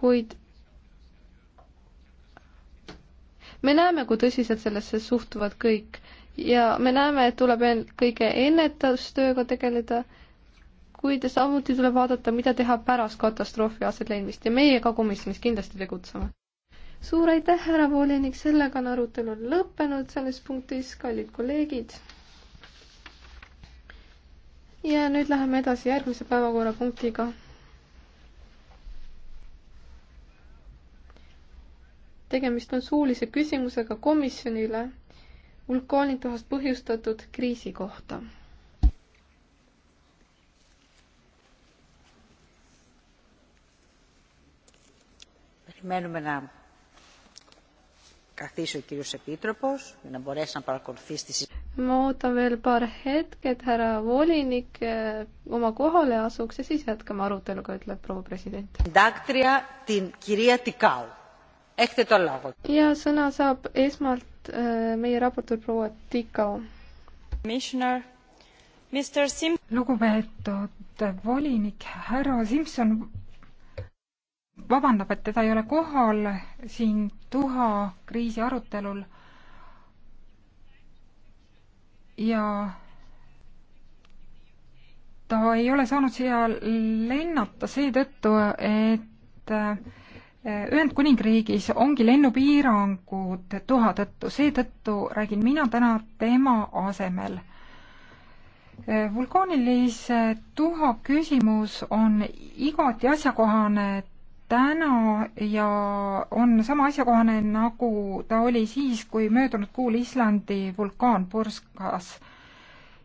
kuid me näeme, kui tõsiselt sellesse suhtuvad kõik ja me näeme, et tuleb eelkõige ennetustööga tegeleda, kuid samuti tuleb vaadata, mida teha pärast katastroofi aset leidmist ja meie ka komisjonis kindlasti tegutseme. suur aitäh, härra volinik, sellega on arutelu lõppenud selles punktis, kallid kolleegid. ja nüüd läheme edasi järgmise päevakorrapunktiga tegemist on suulise küsimusega komisjonile vulkaanituhast põhjustatud kriisi kohta. Περιμένουμε να καθίσει ο κύριος Επίτροπος για να μπορέσει να παρακολουθήσει τη συζήτηση. Ma ootan veel paar hetket, härra volinik oma kohale asuks ja siis jätkame aruteluga, ütleb proua president. Daktria tin kirja Tikau ja sõna saab esmalt äh, meie raportöör proua Tikao. lugupeetud volinik härra Simson vabandab, et teda ei ole kohal siin tuha kriisi arutelul. ja ta ei ole saanud siia lennata seetõttu, et Ühendkuningriigis ongi lennupiirangud tuha tõttu, seetõttu räägin mina täna tema asemel. vulkaanilise tuha küsimus on igati asjakohane täna ja on sama asjakohane, nagu ta oli siis, kui möödunud kuul Islandi vulkaan purskas.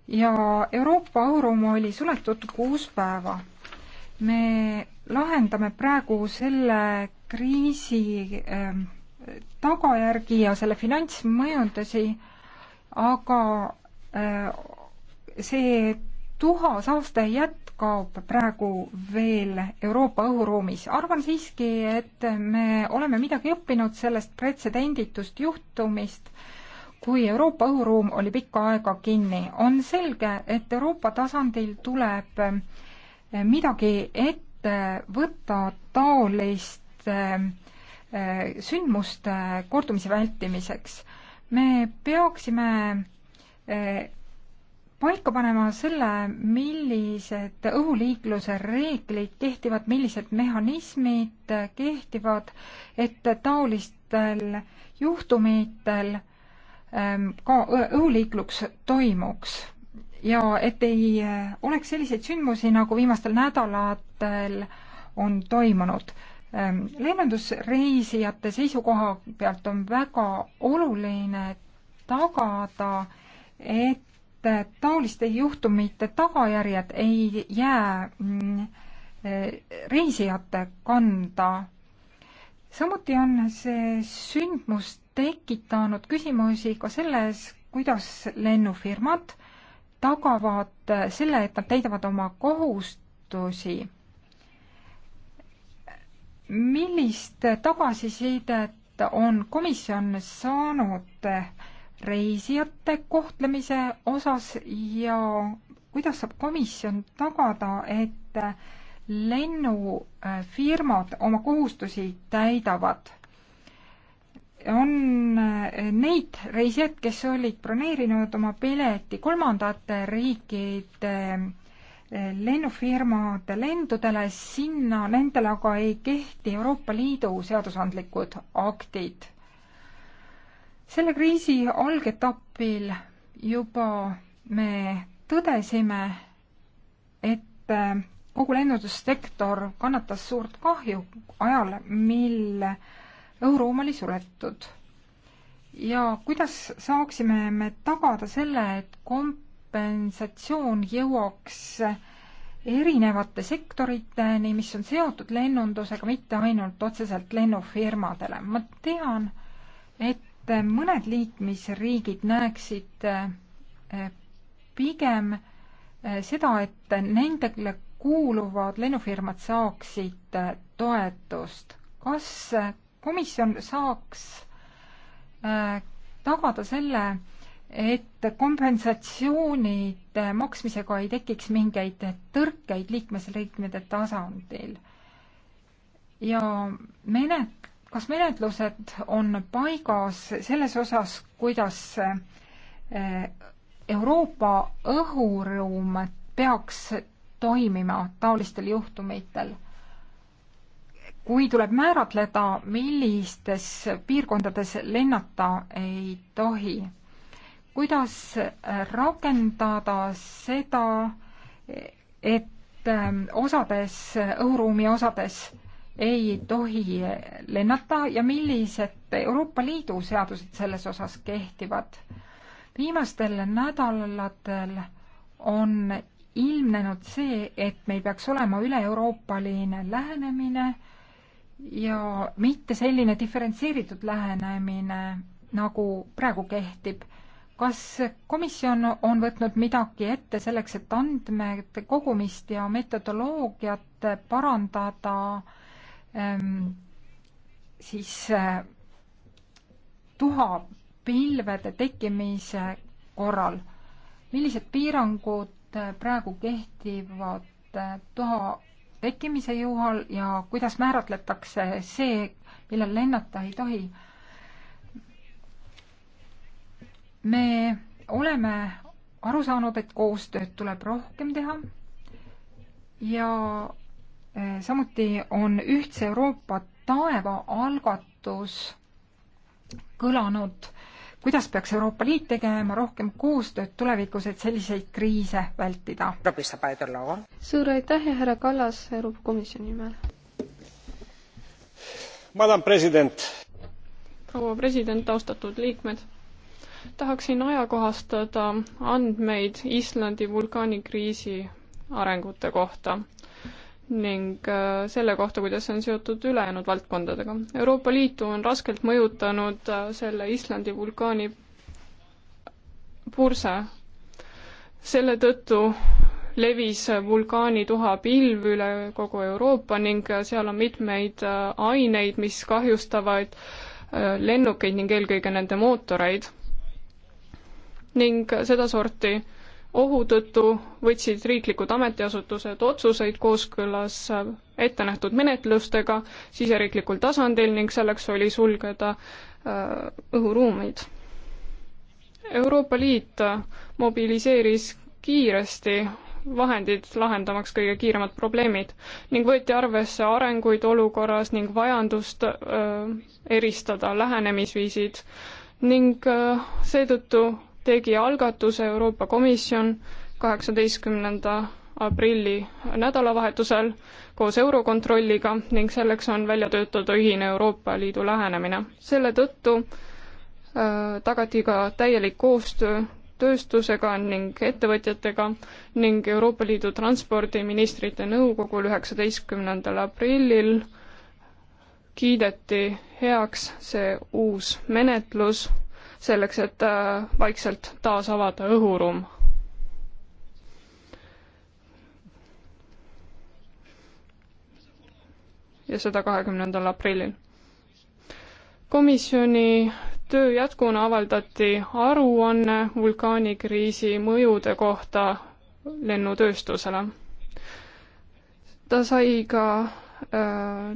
ja Euroopa õhuruum oli suletud kuus päeva. me lahendame praegu selle kriisi ähm, tagajärgi ja selle finantsmõjutusi, aga äh, see tuhasaaste jätkab praegu veel Euroopa õhuruumis. arvan siiski, et me oleme midagi õppinud sellest pretsedenditust juhtumist, kui Euroopa õhuruum oli pikka aega kinni. on selge, et Euroopa tasandil tuleb äh, midagi ette võtta taolist selliste äh, äh, sündmuste äh, kordumise vältimiseks. me peaksime paika panema selle, millised õhuliikluse reeglid kehtivad, millised mehhanismid kehtivad, et taolistel juhtumitel ähm, ka õhuliiklus toimuks ja et ei oleks selliseid sündmusi, nagu viimastel nädalatel on toimunud Ähm, lennundusreisijate seisukoha pealt on väga oluline tagada, et taoliste juhtumite tagajärjed ei jää mm, äh, reisijate kanda. samuti on see sündmus tekitanud küsimusi ka selles, kuidas lennufirmad tagavad selle, et nad täidavad oma kohustusi millist tagasisidet on komisjon saanud reisijate kohtlemise osas ja kuidas saab komisjon tagada, et lennufirmad oma kohustusi täidavad? on neid reisijaid, kes olid broneerinud oma pileti kolmandate riikide lennufirmade lendudele, sinna, nendele aga ei kehti Euroopa Liidu seadusandlikud aktid. selle kriisi algetapil juba me tõdesime, et kogu lennundussektor kannatas suurt kahju ajal, mil õhuruum oli suletud. ja kuidas saaksime me tagada selle, et komp-, kompensatsioon jõuaks erinevate sektoriteni, mis on seotud lennundusega, mitte ainult otseselt lennufirmadele. ma tean, et mõned liikmesriigid näeksid eh, pigem eh, seda, et nendele kuuluvad lennufirmad saaksid eh, toetust. kas komisjon saaks tagada selle, et kompensatsioonide maksmisega ei tekiks mingeid tõrkeid liikmesriikide tasandil. ja menet-, kas menetlused on paigas selles osas, kuidas eh, Euroopa õhuruum peaks toimima taolistel juhtumitel? kui tuleb määratleda, millistes piirkondades lennata ei tohi kuidas rakendada seda, et ähm, osades, õhuruumi osades ei tohi lennata ja millised Euroopa Liidu seadused selles osas kehtivad. viimastel nädalatel on ilmnenud see, et meil peaks olema üle-euroopaline lähenemine ja mitte selline diferentseeritud lähenemine, nagu praegu kehtib kas komisjon on võtnud midagi ette selleks, et andmete kogumist ja metodoloogiat parandada ähm, siis äh, tuhapilvede tekkimise korral? millised piirangud äh, praegu kehtivad äh, tuha tekkimise juhul ja kuidas määratletakse see, millal lennata ei tohi? me oleme aru saanud, et koostööd tuleb rohkem teha ja eh, samuti on Ühtse Euroopa taeva algatus kõlanud, kuidas peaks Euroopa Liit tegema rohkem koostööd tulevikus, et selliseid kriise vältida. suur aitäh ja härra Kallas Euroopa Komisjoni nimel. proua president, austatud liikmed tahaksin ajakohastada andmeid Islandi vulkaanikriisi arengute kohta ning äh, selle kohta, kuidas see on seotud ülejäänud valdkondadega. Euroopa Liitu on raskelt mõjutanud äh, selle Islandi vulkaani purse. selle tõttu levis vulkaanituha pilv üle kogu Euroopa ning äh, seal on mitmeid aineid, mis kahjustavad lennukeid ning eelkõige nende mootoreid ning sedasorti ohu tõttu võtsid riiklikud ametiasutused otsuseid kooskõlas ettenähtud menetlustega siseriiklikul tasandil ning selleks oli sulgeda äh, õhuruumeid. Euroopa Liit mobiliseeris kiiresti vahendid lahendamaks kõige kiiremad probleemid ning võeti arvesse arenguid olukorras ning vajadust äh, eristada lähenemisviisid ning öö, äh, seetõttu tegi algatuse Euroopa Komisjon kaheksateistkümnenda aprilli nädalavahetusel koos Eurokontrolliga ning selleks on välja töötada ühine Euroopa Liidu lähenemine. selle tõttu äh, tagati ka täielik koostöö tööstusega ning ettevõtjatega ning Euroopa Liidu transpordiministrite nõukogul üheksateistkümnendal aprillil kiideti heaks see uus menetlus selleks, et äh, vaikselt taas avada õhuruum. ja seda kahekümnendal aprillil. komisjoni töö jätkuna avaldati aruanne vulkaanikriisi mõjude kohta lennutööstusele. ta sai ka äh,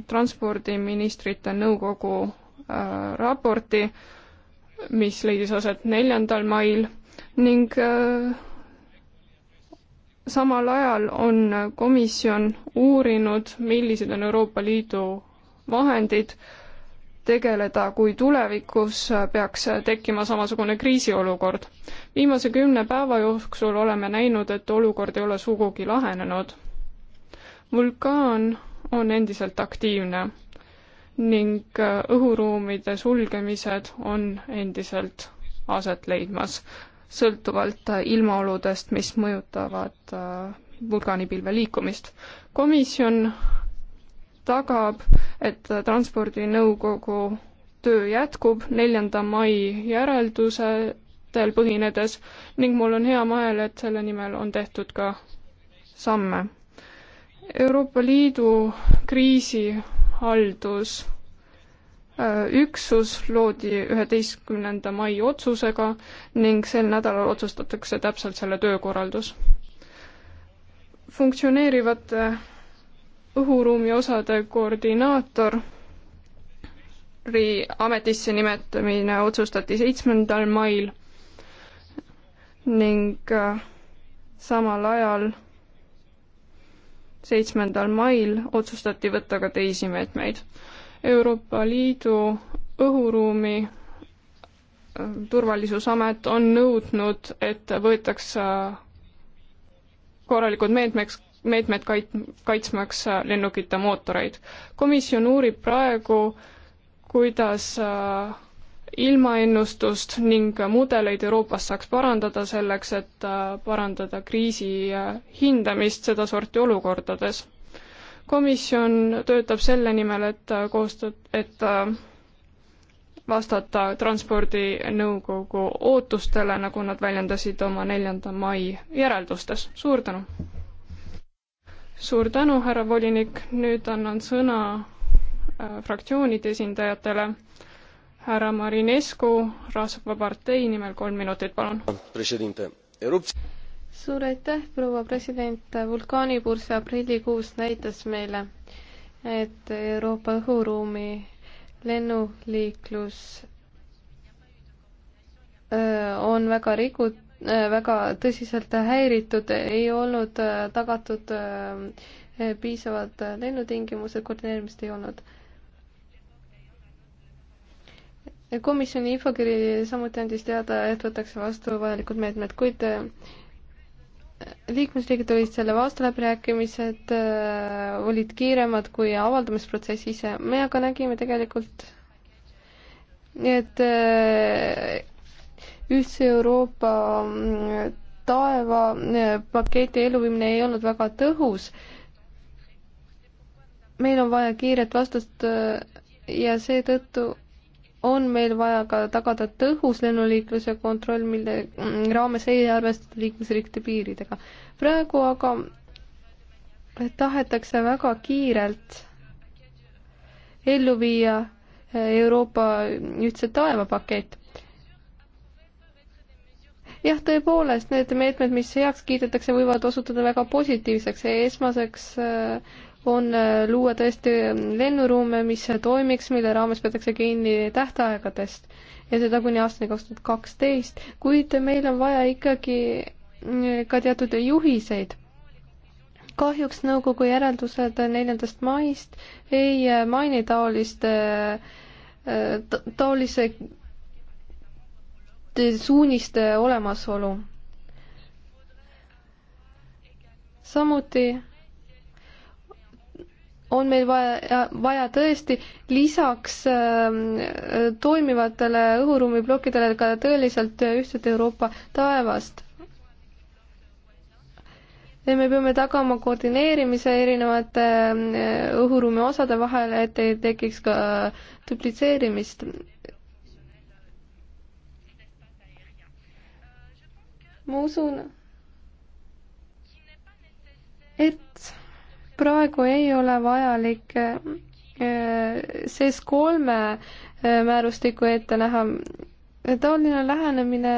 transpordiministrite nõukogu äh, raporti äh, mis leidis aset neljandal mail ning äh, samal ajal on komisjon uurinud, millised on Euroopa Liidu vahendid tegeleda, kui tulevikus peaks tekkima samasugune kriisiolukord. viimase kümne päeva jooksul oleme näinud, et olukord ei ole sugugi lahenenud. vulkaan on endiselt aktiivne ning äh, õhuruumide sulgemised on endiselt aset leidmas, sõltuvalt äh, ilmaoludest, mis mõjutavad äh, vulkaanipilve liikumist. komisjon tagab, et Transpordinõukogu töö jätkub neljanda mai järeldusetel põhinedes ning mul on hea meel, et selle nimel on tehtud ka samme. Euroopa Liidu kriisi haldusüksus äh, loodi üheteistkümnenda mai otsusega ning sel nädalal otsustatakse täpselt selle töökorraldus. funktsioneerivate õhuruumi osade koordinaator Ri ametisse nimetamine otsustati seitsmendal mail ning äh, samal ajal seitsmendal mail otsustati võtta ka teisi meetmeid. Euroopa Liidu õhuruumi äh, turvalisusamet on nõudnud, et võetaks korralikud meetmeks, meetmed kait-, kaitsmaks äh, lennukite mootoreid. komisjon uurib praegu, kuidas äh, ilmaennustust ning mudeleid Euroopas saaks parandada selleks, et äh, parandada kriisi äh, hindamist sedasorti olukordades. komisjon töötab selle nimel, et äh, koostööd, et vastata Transpordinõukogu ootustele, nagu nad väljendasid oma neljanda mai järeldustes. suur tänu! suur tänu, härra volinik, nüüd annan sõna fraktsioonide esindajatele härra Marinescu Rahvapartei nimel kolm minutit, palun. suur aitäh, proua president, vulkaanipurse aprillikuus näitas meile, et Euroopa õhuruumi lennuliiklus on väga rikud, väga tõsiselt häiritud, ei olnud tagatud piisavad lennutingimused, koordineerimist ei olnud komisjoni infokiri samuti andis teada, et võtakse vastu vajalikud meetmed, kuid äh, liikmesriigid olid selle vastu, läbirääkimised äh, olid kiiremad kui avaldamisprotsess ise. me aga nägime tegelikult, et äh, ühtse Euroopa mm, taeva paketi elluviimine ei olnud väga tõhus. meil on vaja kiiret vastust ja seetõttu on meil vaja ka tagada tõhus lennuliikluse kontroll, mille raames ei arvestata liikmesriikide piiridega. praegu aga tahetakse väga kiirelt ellu viia eh, Euroopa ühtse taeva pakett. jah, tõepoolest, need meetmed, mis heaks kiidetakse, võivad osutuda väga positiivseks ja esmaseks eh, on äh, luua tõesti lennuruume, mis toimiks, mille raames peetakse kinni tähtaegadest ja seda kuni aastani kaks tuhat kaksteist, kuid meil on vaja ikkagi äh, ka teatud juhiseid. kahjuks nõukogu järeldused neljandast maist ei äh, maini taolist, taolise suuniste olemasolu. samuti on meil vaja, vaja tõesti lisaks äh, toimivatele õhuruumi plokkidele ka tõeliselt ühtset Euroopa taevast. me peame tagama koordineerimise erinevate äh, õhuruumi osade vahel, et ei tekiks ka äh, duplitseerimist. ma usun, et praegu ei ole vajalik äh, sees kolme äh, määrustiku ette näha. taoline lähenemine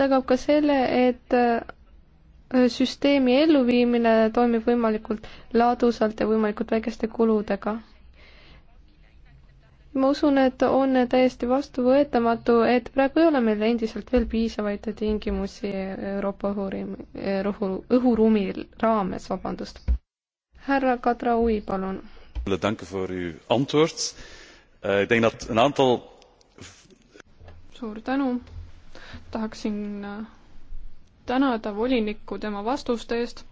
tagab ka selle, et äh, süsteemi elluviimine toimib võimalikult ladusalt ja võimalikult väikeste kuludega ma usun, et on täiesti vastuvõetamatu, et praegu ei ole meil endiselt veel piisavaid tingimusi Euroopa õhuruumi, õhu, õhuruumi raames, vabandust. härra Kadraui, palun. Eh, suur tänu. tahaksin eh, tänada volinikku tema vastuste eest,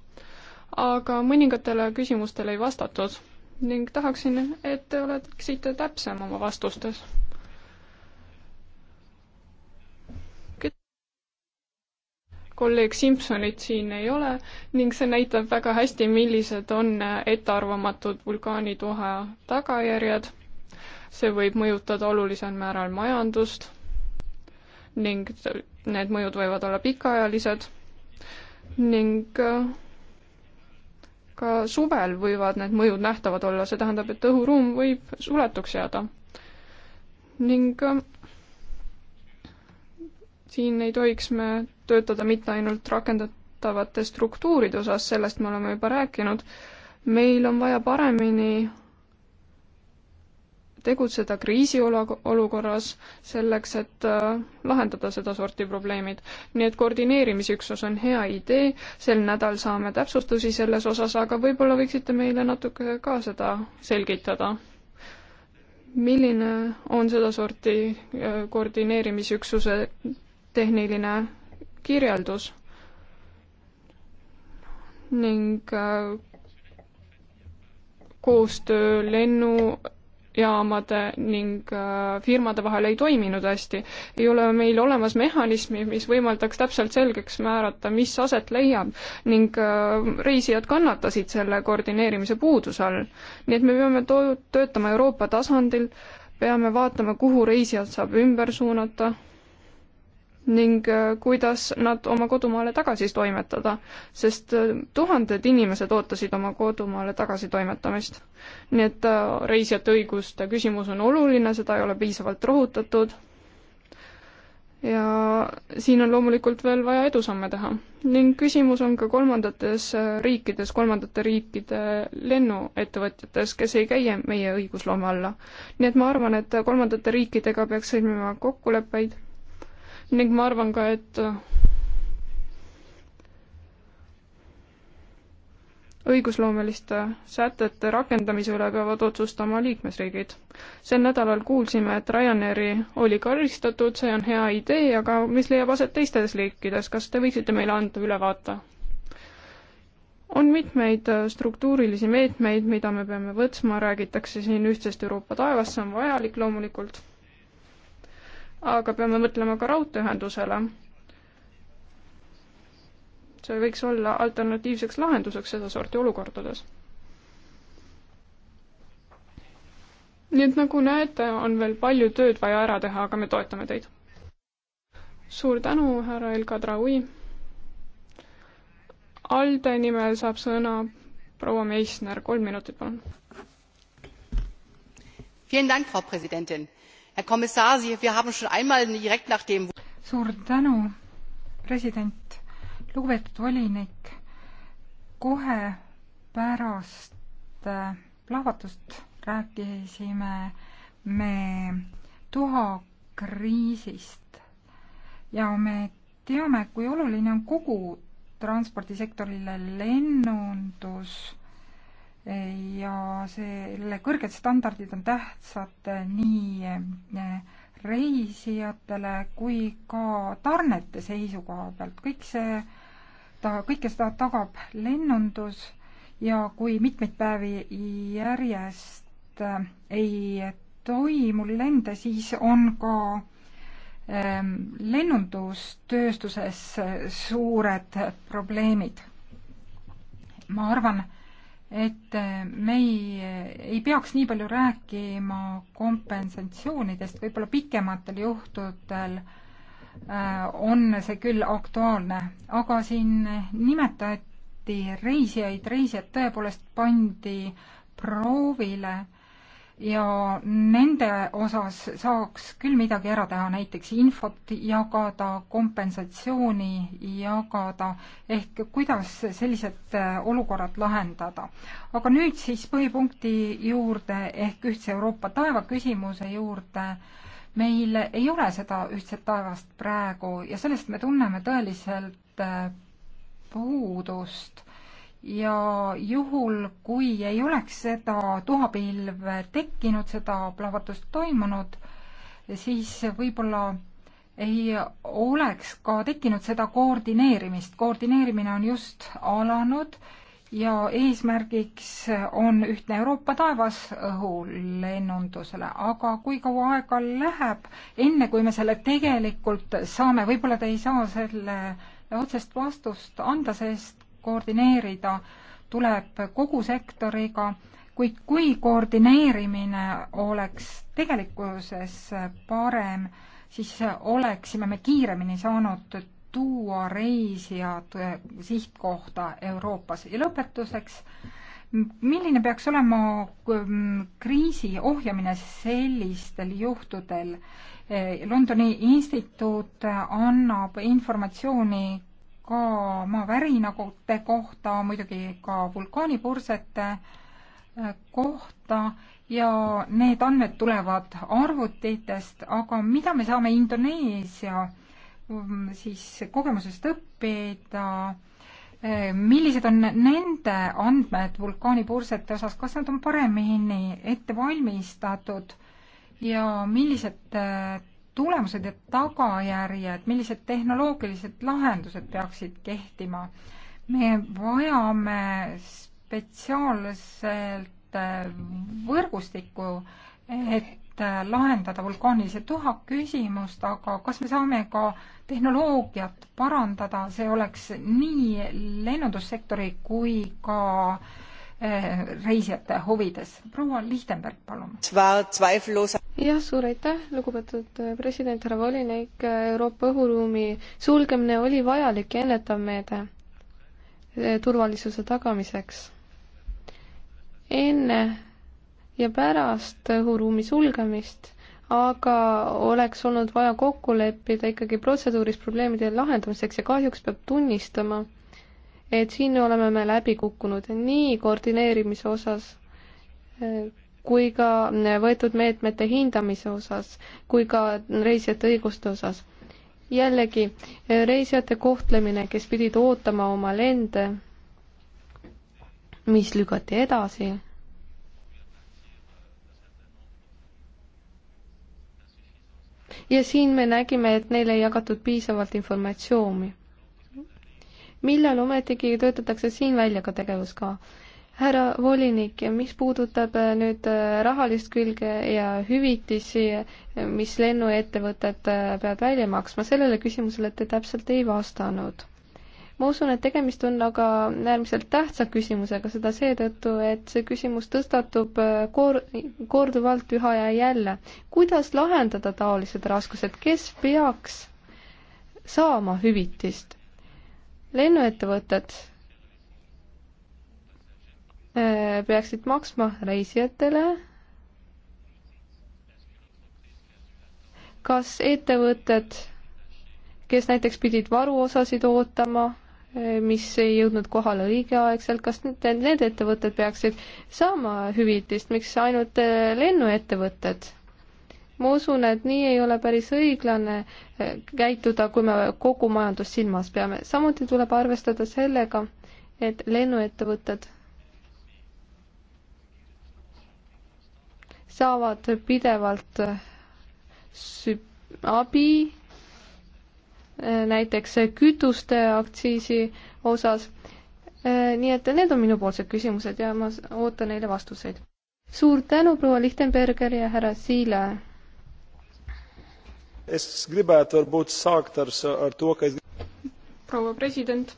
aga mõningatele küsimustele ei vastatud ning tahaksin, et te oleksite täpsem oma vastustes. kolleeg Simsonit siin ei ole ning see näitab väga hästi, millised on ettearvamatud vulkaanituha tagajärjed. see võib mõjutada olulisel määral majandust ning need mõjud võivad olla pikaajalised ning äh, ka suvel võivad need mõjud nähtavad olla, see tähendab, et õhuruum võib suletuks jääda. ning ähm, siin ei tohiks me töötada mitte ainult rakendatavate struktuuride osas, sellest me oleme juba rääkinud, meil on vaja paremini tegutseda kriisiolukorras selleks, et äh, lahendada sedasorti probleemid. nii et koordineerimisüksus on hea idee, sel nädal saame täpsustusi selles osas, aga võib-olla võiksite meile natuke ka seda selgitada. milline on sedasorti äh, koordineerimisüksuse tehniline kirjeldus? ning äh, koostöö lennu jaamade ning äh, firmade vahel ei toiminud hästi. ei ole meil olemas mehhanismi, mis võimaldaks täpselt selgeks määrata, mis aset leiab ning äh, reisijad kannatasid selle koordineerimise puuduse all. nii et me peame to-, töötama Euroopa tasandil, peame vaatama, kuhu reisijad saab ümber suunata ning äh, kuidas nad oma kodumaale tagasi toimetada, sest äh, tuhanded inimesed ootasid oma kodumaale tagasi toimetamist. nii et äh, reisijate õiguste küsimus on oluline, seda ei ole piisavalt rõhutatud ja siin on loomulikult veel vaja edusamme teha. ning küsimus on ka kolmandates riikides, kolmandate riikide lennuettevõtjates, kes ei käi meie õigusloome alla. nii et ma arvan, et kolmandate riikidega peaks sõlmima kokkuleppeid ning ma arvan ka, et õigusloomeliste sätete rakendamise üle peavad otsustama liikmesriigid. sel nädalal kuulsime, et Ryanairi oli karistatud, see on hea idee, aga mis leiab aset teistes riikides, kas te võiksite meile anda ülevaate? on mitmeid äh, struktuurilisi meetmeid, mida me peame võtma, räägitakse siin ühtsest Euroopa taevast, see on vajalik loomulikult aga peame mõtlema ka raudteeühendusele. see võiks olla alternatiivseks lahenduseks sedasorti olukordades. nii et nagu näete, on veel palju tööd vaja ära teha, aga me toetame teid. suur tänu, härra Elka Traui. ALDE nimel saab sõna proua Meissner, kolm minutit, palun. Vielen Dank, Frau Präsidentin Herr Kommissar, Sie, wir haben schon einmal direkt nach dem suur tänu, president, lugupeetud volinik. kohe pärast äh, plahvatust rääkisime me tuhakriisist ja me teame, kui oluline on kogu transpordisektorile lennundus ja selle kõrged standardid on tähtsad nii eh, reisijatele kui ka tarnete seisukoha pealt. kõik see, ta, kõike seda tagab lennundus ja kui mitmeid päevi järjest eh, ei toimu lende, siis on ka eh, lennundustööstuses suured probleemid. ma arvan, et me ei, ei peaks nii palju rääkima kompensatsioonidest, võib-olla pikematel juhtudel äh, on see küll aktuaalne, aga siin nimetati reisijaid, reisijad tõepoolest pandi proovile äh, ja nende osas saaks küll midagi ära teha, näiteks infot jagada, kompensatsiooni jagada, ehk kuidas sellised äh, olukorrad lahendada. aga nüüd siis põhipunkti juurde ehk ühtse Euroopa taeva küsimuse juurde. meil ei ole seda ühtset taevast praegu ja sellest me tunneme tõeliselt äh, puudust ja juhul, kui ei oleks seda tuhapilve tekkinud, seda plahvatust toimunud, siis võib-olla ei oleks ka tekkinud seda koordineerimist. koordineerimine on just alanud ja eesmärgiks on ühtne Euroopa taevas õhulennundusele, aga kui kaua aega läheb, enne kui me selle tegelikult saame, võib-olla te ei saa selle otsest vastust anda, sest koordineerida tuleb kogu sektoriga, kuid kui koordineerimine oleks tegelikkuses parem, siis oleksime me kiiremini saanud tuua reisijad äh, sihtkohta Euroopas ja lõpetuseks milline peaks olema ähm, kriisi ohjamine sellistel juhtudel? Äh, Londoni instituut annab informatsiooni ka maavärinakute kohta, muidugi ka vulkaanipursete äh, kohta ja need andmed tulevad arvutitest, aga mida me saame Indoneesia mm, siis kogemusest õppida, äh, millised on nende andmed vulkaanipursete osas, kas nad on paremini ette valmistatud ja millised äh, tulemused ja tagajärjed, millised tehnoloogilised lahendused peaksid kehtima. me vajame spetsiaalselt eh, võrgustikku, et eh, lahendada vulkaanilise tuha küsimust, aga kas me saame ka tehnoloogiat parandada, see oleks nii lennundussektori kui ka eh, reisijate huvides. proua Lichtenberg, palun jah, suur aitäh, lugupeetud äh, president, härra volinik, äh, Euroopa õhuruumi sulgemine oli vajalik ja ennetav meede äh, turvalisuse tagamiseks. enne ja pärast õhuruumi sulgemist aga oleks olnud vaja kokku leppida ikkagi protseduuris probleemide lahendamiseks ja kahjuks peab tunnistama, et siin oleme me läbi kukkunud nii koordineerimise osas kui ka võetud meetmete hindamise osas, kui ka reisijate õiguste osas. jällegi, reisijate kohtlemine, kes pidid ootama oma lende, mis lükati edasi, ja siin me nägime, et neile ei jagatud piisavalt informatsiooni. millal ometigi töötatakse siin välja ka tegevuskava? härra volinik, mis puudutab äh, nüüd äh, rahalist külge ja hüvitisi, äh, mis lennuettevõtted peavad välja maksma, sellele küsimusele te täpselt ei vastanud. ma usun, et tegemist on aga äärmiselt tähtsa küsimusega, seda seetõttu, et see küsimus tõstatub koor-, korduvalt üha ja jälle. kuidas lahendada taolised raskused, kes peaks saama hüvitist? lennuettevõtted Äh, peaksid maksma reisijatele. kas ettevõtted, kes näiteks pidid varuosasid ootama, äh, mis ei jõudnud kohale õigeaegselt, kas need, need ettevõtted peaksid saama hüvitist, miks ainult äh, lennuettevõtted? ma usun, et nii ei ole päris õiglane käituda, kui me kogu majandust silmas peame. samuti tuleb arvestada sellega, et lennuettevõtted saavad pidevalt abi äh, näiteks kütuste aktsiisi osas. Äh, nii et need on minupoolsed küsimused ja ma ootan neile vastuseid. suur tänu, proua Lichtenberger ja härra Siile. proua president,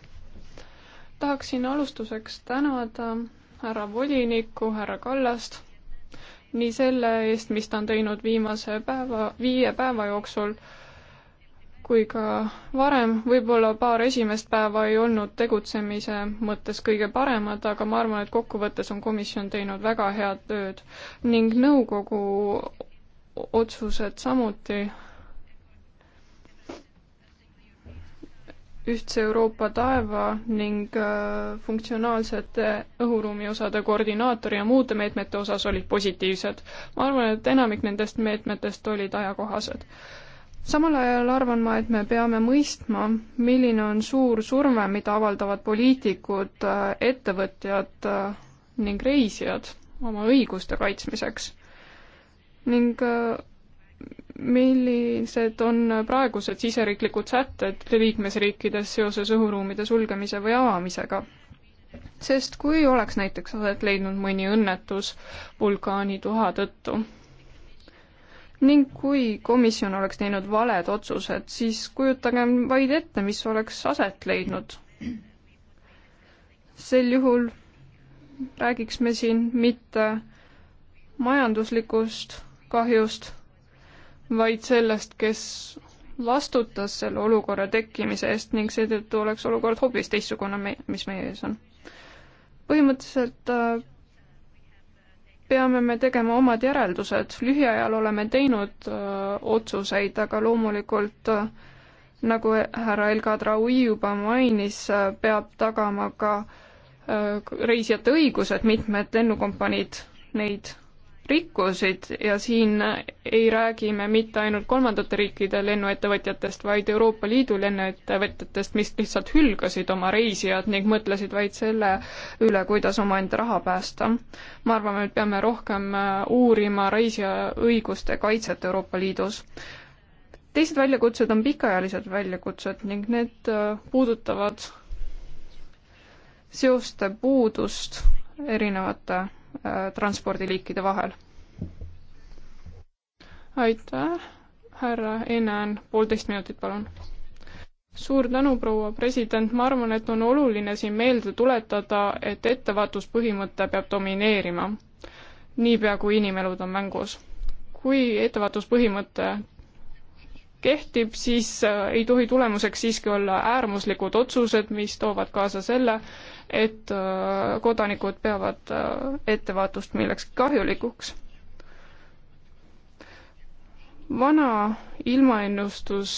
tahaksin alustuseks tänada härra volinikku, härra Kallast nii selle eest, mis ta on teinud viimase päeva, viie päeva jooksul, kui ka varem, võib-olla paar esimest päeva ei olnud tegutsemise mõttes kõige paremad, aga ma arvan, et kokkuvõttes on komisjon teinud väga head tööd ning nõukogu otsused samuti ühtse Euroopa taeva ning äh, funktsionaalsete õhuruumi osade koordinaatori ja muude meetmete osas olid positiivsed. ma arvan, et enamik nendest meetmetest olid ajakohased. samal ajal arvan ma, et me peame mõistma, milline on suur surve, mida avaldavad poliitikud, äh, ettevõtjad äh, ning reisijad oma õiguste kaitsmiseks. ning millised on praegused siseriiklikud sätted liikmesriikides seoses õhuruumide sulgemise või avamisega? sest kui oleks näiteks aset leidnud mõni õnnetus vulkaanituha tõttu ning kui komisjon oleks teinud valed otsused, siis kujutagem vaid ette, mis oleks aset leidnud. sel juhul räägiks me siin mitte majanduslikust kahjust, vaid sellest, kes vastutas selle olukorra tekkimise eest ning seetõttu oleks olukord hoopis teistsugune, mis meie ees on. põhimõtteliselt äh, peame me tegema omad järeldused, lühiajal oleme teinud öö, äh, otsuseid, aga loomulikult öö, äh, nagu e-, härra Elga Traui juba mainis, peab tagama ka öö, reisijate õigused, mitmed lennukompaniid neid rikkusid ja siin ei räägi me mitte ainult kolmandate riikide lennuettevõtjatest, vaid Euroopa Liidu lennuettevõtjatest, mis lihtsalt hülgasid oma reisijad ning mõtlesid vaid selle üle, kuidas omaenda raha päästa. ma arvan, et peame rohkem äh, uurima reisija õiguste kaitset Euroopa Liidus. teised väljakutsed on pikaajalised väljakutsed ning need äh, puudutavad seoste puudust erinevate Äh, transpordiliikide vahel. aitäh, härra Enn, poolteist minutit, palun suur tänu, proua president, ma arvan, et on oluline siin meelde tuletada, et ettevaatuspõhimõte peab domineerima, niipea kui inimelud on mängus. kui ettevaatuspõhimõte kehtib, siis äh, ei tohi tulemuseks siiski olla äärmuslikud otsused, mis toovad kaasa selle, et äh, kodanikud peavad äh, ettevaatust millekski kahjulikuks. vana ilmaennustus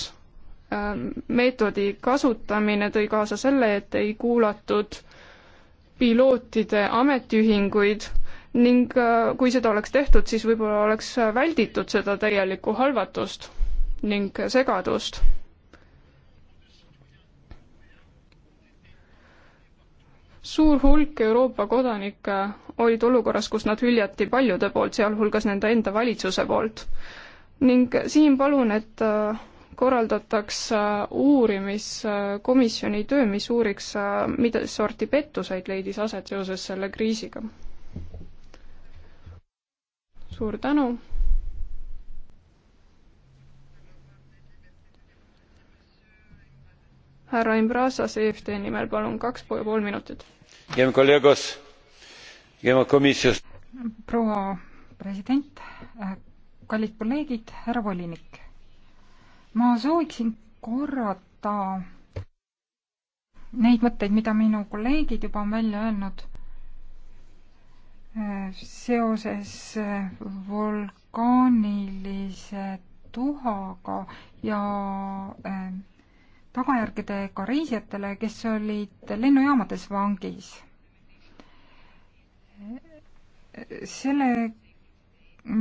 ähm, meetodi kasutamine tõi kaasa selle, et ei kuulatud pilootide ametiühinguid ning äh, kui seda oleks tehtud, siis võib-olla oleks välditud seda täielikku halvatust ning segadust suur hulk Euroopa kodanikke olid olukorras, kus nad hüljati paljude poolt, sealhulgas nende enda valitsuse poolt. ning siin palun, et äh, korraldataks äh, uurimiskomisjoni äh, töö, mis uuriks, mida sorti pettuseid leidis aset seoses selle kriisiga. suur tänu. härra Imbrasas EFT nimel, palun kaks pool minutit proua president kallid kolleegid härra volinik ma sooviksin korrata neid mõtteid mida minu kolleegid juba on välja öelnud seoses vulkaanilise tuhaga ja tagajärgedega reisijatele, kes olid lennujaamades vangis. selle,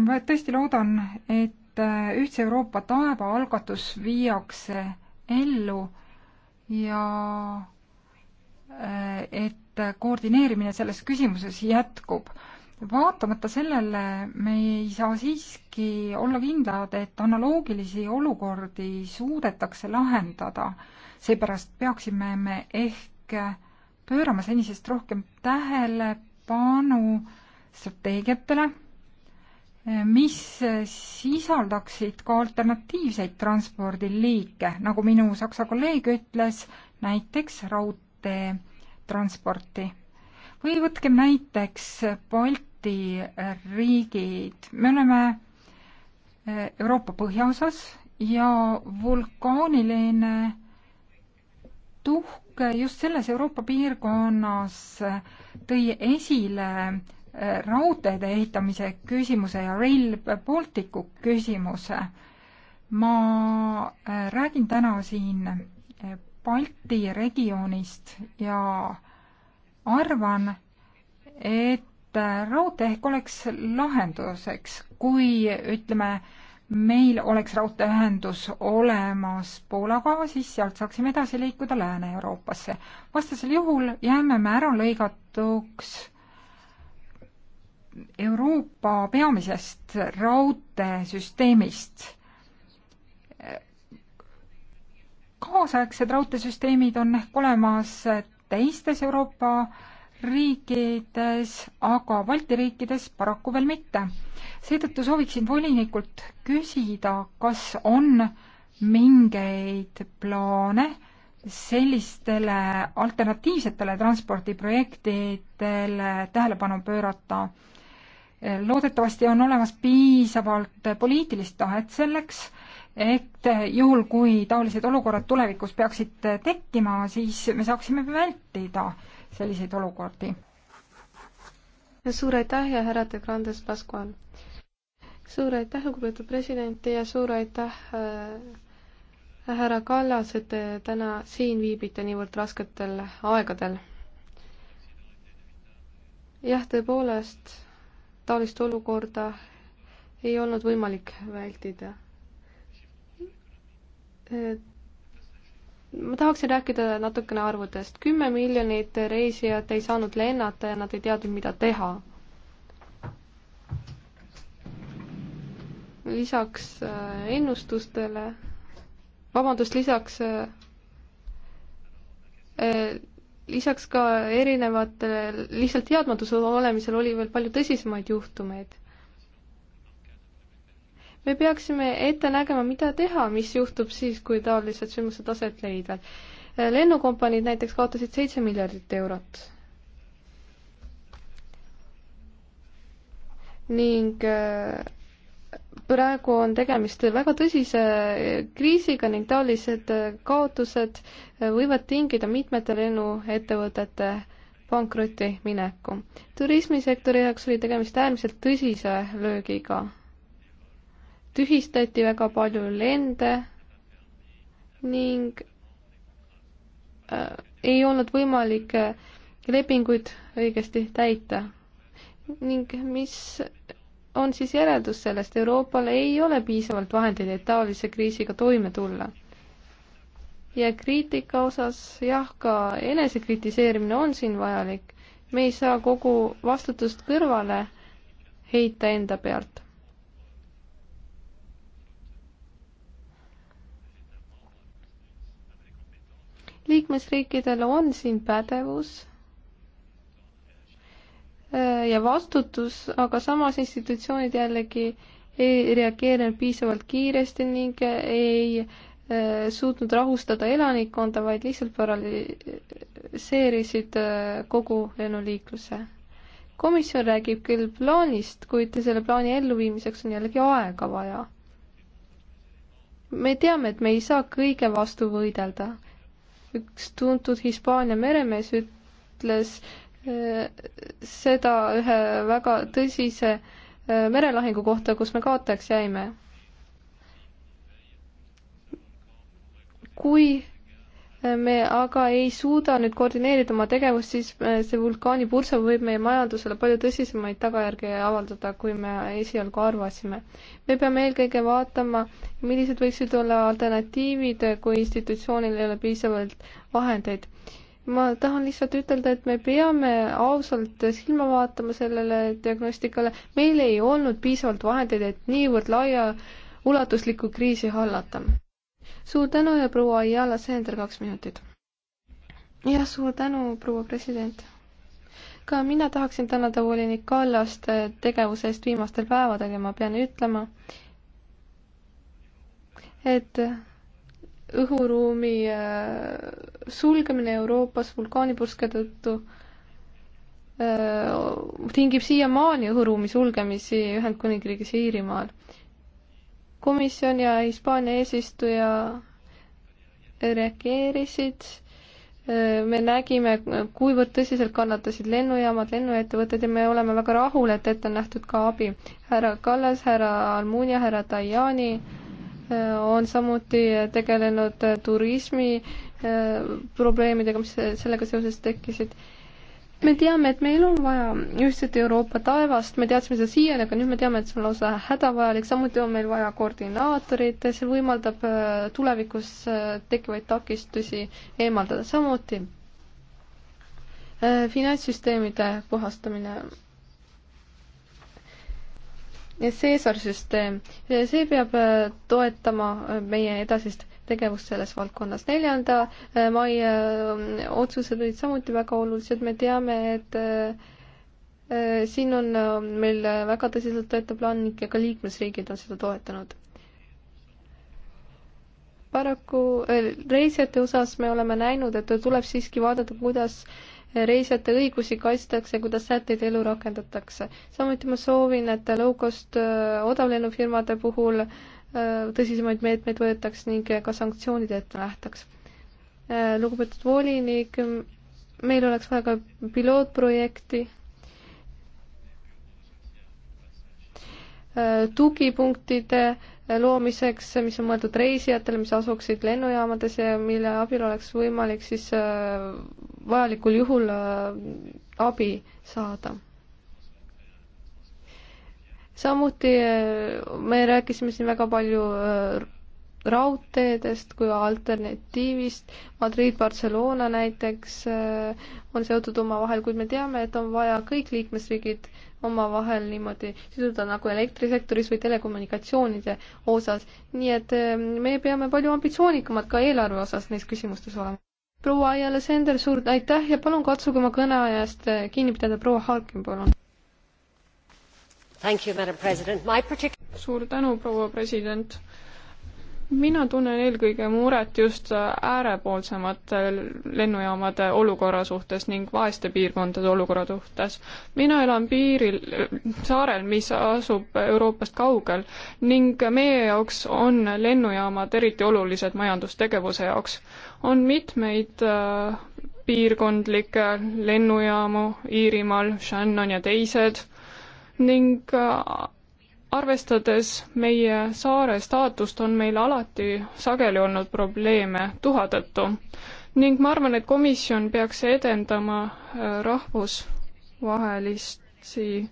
ma tõesti loodan, et Ühtse Euroopa taeva algatus viiakse ellu ja et koordineerimine selles küsimuses jätkub vaatamata sellele me ei saa siiski olla kindlad, et analoogilisi olukordi suudetakse lahendada. seepärast peaksime me ehk pöörama senisest rohkem tähelepanu strateegiatele, mis sisaldaksid ka alternatiivseid transpordiliike, nagu minu saksa kolleeg ütles, näiteks raudteetransporti või võtkem näiteks Balti riigid, me oleme eh, Euroopa põhjaosas ja vulkaaniline tuhk just selles Euroopa piirkonnas tõi esile eh, raudteede ehitamise küsimuse ja Rail Balticu küsimuse. ma eh, räägin täna siin Balti regioonist ja arvan, et raudtee ehk oleks lahenduseks, kui ütleme, meil oleks raudteeühendus olemas Poolaga, siis sealt saaksime edasi liikuda Lääne-Euroopasse. vastasel juhul jääme me ära lõigatuks Euroopa peamisest raudteesüsteemist. kaasaegsed raudteesüsteemid on ehk olemas teistes Euroopa riikides, aga Balti riikides paraku veel mitte. seetõttu sooviksin volinikult küsida, kas on mingeid plaane sellistele alternatiivsetele transpordiprojektidele tähelepanu pöörata. loodetavasti on olemas piisavalt poliitilist tahet selleks et juhul, kui taolised olukorrad tulevikus peaksid tekkima, siis me saaksime vältida selliseid olukordi. suur aitäh ja härra De Grandes Pascual! suur aitäh, lugupeetud president ja suur aitäh äh, härra Kallas, et te täna siin viibite niivõrd rasketel aegadel. jah, tõepoolest, taolist olukorda ei olnud võimalik vältida Äh, ma tahaksin rääkida natukene arvudest. kümme miljonit reisijat ei saanud lennata ja nad ei teadnud, mida teha. lisaks äh, ennustustele, vabandust, lisaks, äh, lisaks ka erinevatele, lihtsalt teadmatuse olemisel oli veel palju tõsisemaid juhtumeid me peaksime ette nägema, mida teha, mis juhtub siis, kui taolised sündmused aset leidvad. lennukompaniid näiteks kaotasid seitse miljardit eurot. ning äh, praegu on tegemist väga tõsise äh, kriisiga ning taolised äh, kaotused võivad tingida mitmete lennuettevõtete pankrotti mineku. turismisektori jaoks oli tegemist äärmiselt tõsise löögiga tühistati väga palju lende ning äh, ei olnud võimalik äh, lepinguid õigesti täita. ning mis on siis järeldus sellest, Euroopal ei ole piisavalt vahendeid, et taolise kriisiga toime tulla. ja kriitika osas jah, ka enesekritiseerimine on siin vajalik, me ei saa kogu vastutust kõrvale heita enda pealt. liikmesriikidel on siin pädevus äh, ja vastutus, aga samas institutsioonid jällegi ei reageerinud piisavalt kiiresti ning ei äh, suutnud rahustada elanikkonda, vaid lihtsalt paralliseerisid äh, kogu lennuliikluse. komisjon räägib küll plaanist, kuid selle plaani elluviimiseks on jällegi aega vaja. me teame, et me ei saa kõige vastu võidelda üks tuntud Hispaania meremees ütles äh, seda ühe väga tõsise äh, merelahingu kohta, kus me kaotajaks jäime. kui me aga ei suuda nüüd koordineerida oma tegevust, siis äh, see vulkaanipurse võib meie majandusele palju tõsisemaid tagajärgi avaldada, kui me esialgu arvasime. me peame eelkõige vaatama, millised võiksid olla alternatiivid, kui institutsioonil ei ole piisavalt vahendeid ma tahan lihtsalt ütelda, et me peame ausalt silma vaatama sellele diagnostikale, meil ei olnud piisavalt vahendeid, et niivõrd laia ulatuslikku kriisi hallata suur tänu ja proua Ayala Seender, kaks minutit. jah, suur tänu, proua president. ka mina tahaksin tänada volinik Kallast tegevuse eest viimastel päevadel ja ma pean ütlema, et õhuruumi äh, sulgemine Euroopas vulkaanipurske tõttu äh, tingib siiamaani õhuruumi sulgemisi Ühendkuningriigis ja Iirimaal komisjon ja Hispaania eesistuja reageerisid me nägime, kuivõrd tõsiselt kannatasid lennujaamad, lennuettevõtted ja me oleme väga rahul, et ette on nähtud ka abi. härra Kallas, härra Almunia, härra Tajani äh, on samuti tegelenud turismi äh, probleemidega, mis sellega seoses tekkisid me teame, et meil on vaja ühtset Euroopa taevast, me teadsime seda siiani, aga nüüd me teame, et see on lausa hädavajalik, samuti on meil vaja koordinaatorit, see võimaldab äh, tulevikus äh, tekkivaid takistusi eemaldada, samuti äh, finantssüsteemide puhastamine. Seesar süsteem, see peab toetama meie edasist tegevust selles valdkonnas. neljanda äh, mai äh, otsused olid samuti väga olulised, me teame, et äh, siin on meil väga tõsiselt võetav plaannik ja ka liikmesriigid on seda toetanud paraku reisijate osas me oleme näinud, et tuleb siiski vaadata, kuidas reisijate õigusi kaitstakse, kuidas sätteid elu rakendatakse. samuti ma soovin, et low-cost äh, odavlennufirmade puhul äh, tõsisemaid meetmeid võetaks ning ka sanktsioonid ette nähtaks. Äh, lugupeetud volinik, meil oleks vaja ka pilootprojekti Äh, tugipunktide äh, loomiseks, mis on mõeldud reisijatele, mis asuksid lennujaamades ja mille abil oleks võimalik siis äh, vajalikul juhul abi saada. samuti me rääkisime siin väga palju raudteedest kui alternatiivist, Madrid-Barcelona näiteks on seotud omavahel, kuid me teame, et on vaja kõik liikmesriigid omavahel niimoodi siduda nagu elektrisektoris või telekommunikatsioonide osas. nii et ehm, me peame palju ambitsioonikamad ka eelarve osas neis küsimustes olema. proua Aiale Sender, suur aitäh ja palun katsuge oma kõneajast eh, kinni pidada, proua Harkin, palun. suur tänu, proua president mina tunnen eelkõige muret just äärepoolsemate lennujaamade olukorra suhtes ning vaeste piirkondade olukorra suhtes. mina elan piiril, saarel, mis asub Euroopast kaugel ning meie jaoks on lennujaamad eriti olulised majandustegevuse jaoks. on mitmeid äh, piirkondlikke lennujaamu Iirimaal, Shannon ja teised ning äh, arvestades meie saare staatust, on meil alati sageli olnud probleeme tuha tõttu ning ma arvan, et komisjon peaks edendama äh, rahvusvahelisi äh,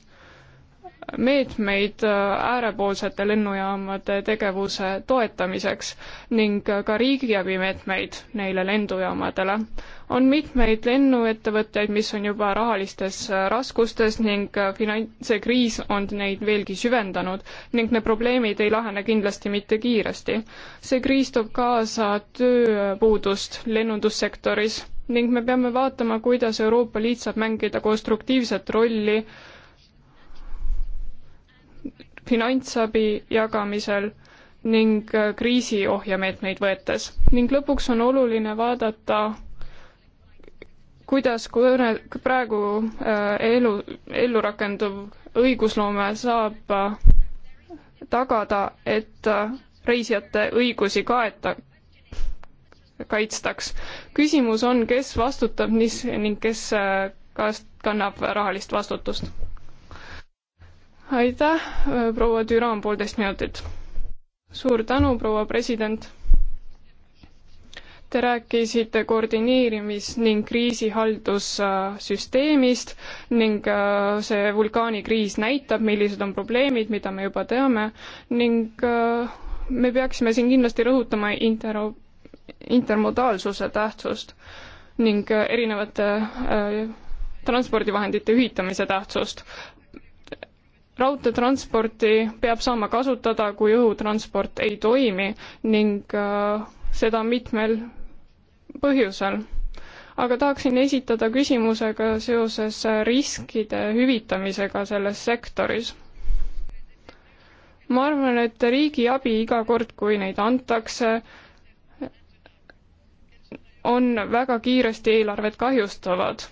meetmeid äh, äärepoolsete lennujaamade tegevuse toetamiseks ning ka riigiabimeetmeid neile lendujaamadele on mitmeid lennuettevõtteid, mis on juba rahalistes äh, raskustes ning äh, finantsekriis on neid veelgi süvendanud ning need probleemid ei lahene kindlasti mitte kiiresti. see kriis toob kaasa tööpuudust lennundussektoris ning me peame vaatama, kuidas Euroopa Liit saab mängida konstruktiivset rolli finantsabi jagamisel ning äh, kriisi ohjameetmeid võttes. ning lõpuks on oluline vaadata kuidas kujune-, praegu äh, elu, ellu rakenduv õigusloome saab äh, tagada, et äh, reisijate õigusi kaeta, kaitstaks. küsimus on, kes vastutab mis ning kes kas kannab rahalist vastutust. aitäh, proua Düran, poolteist minutit. suur tänu, proua president Te rääkisite koordineerimis- ning kriisihaldussüsteemist ning äh, see vulkaanikriis näitab, millised on probleemid, mida me juba teame ning äh, me peaksime siin kindlasti rõhutama intero-, intermodaalsuse tähtsust ning äh, erinevate transpordivahendite ühitamise tähtsust raudteetransporti peab saama kasutada, kui õhutransport ei toimi ning äh, seda mitmel põhjusel. aga tahaksin esitada küsimusega seoses riskide hüvitamisega selles sektoris. ma arvan, et riigiabi iga kord, kui neid antakse, on väga kiiresti eelarvet kahjustavad.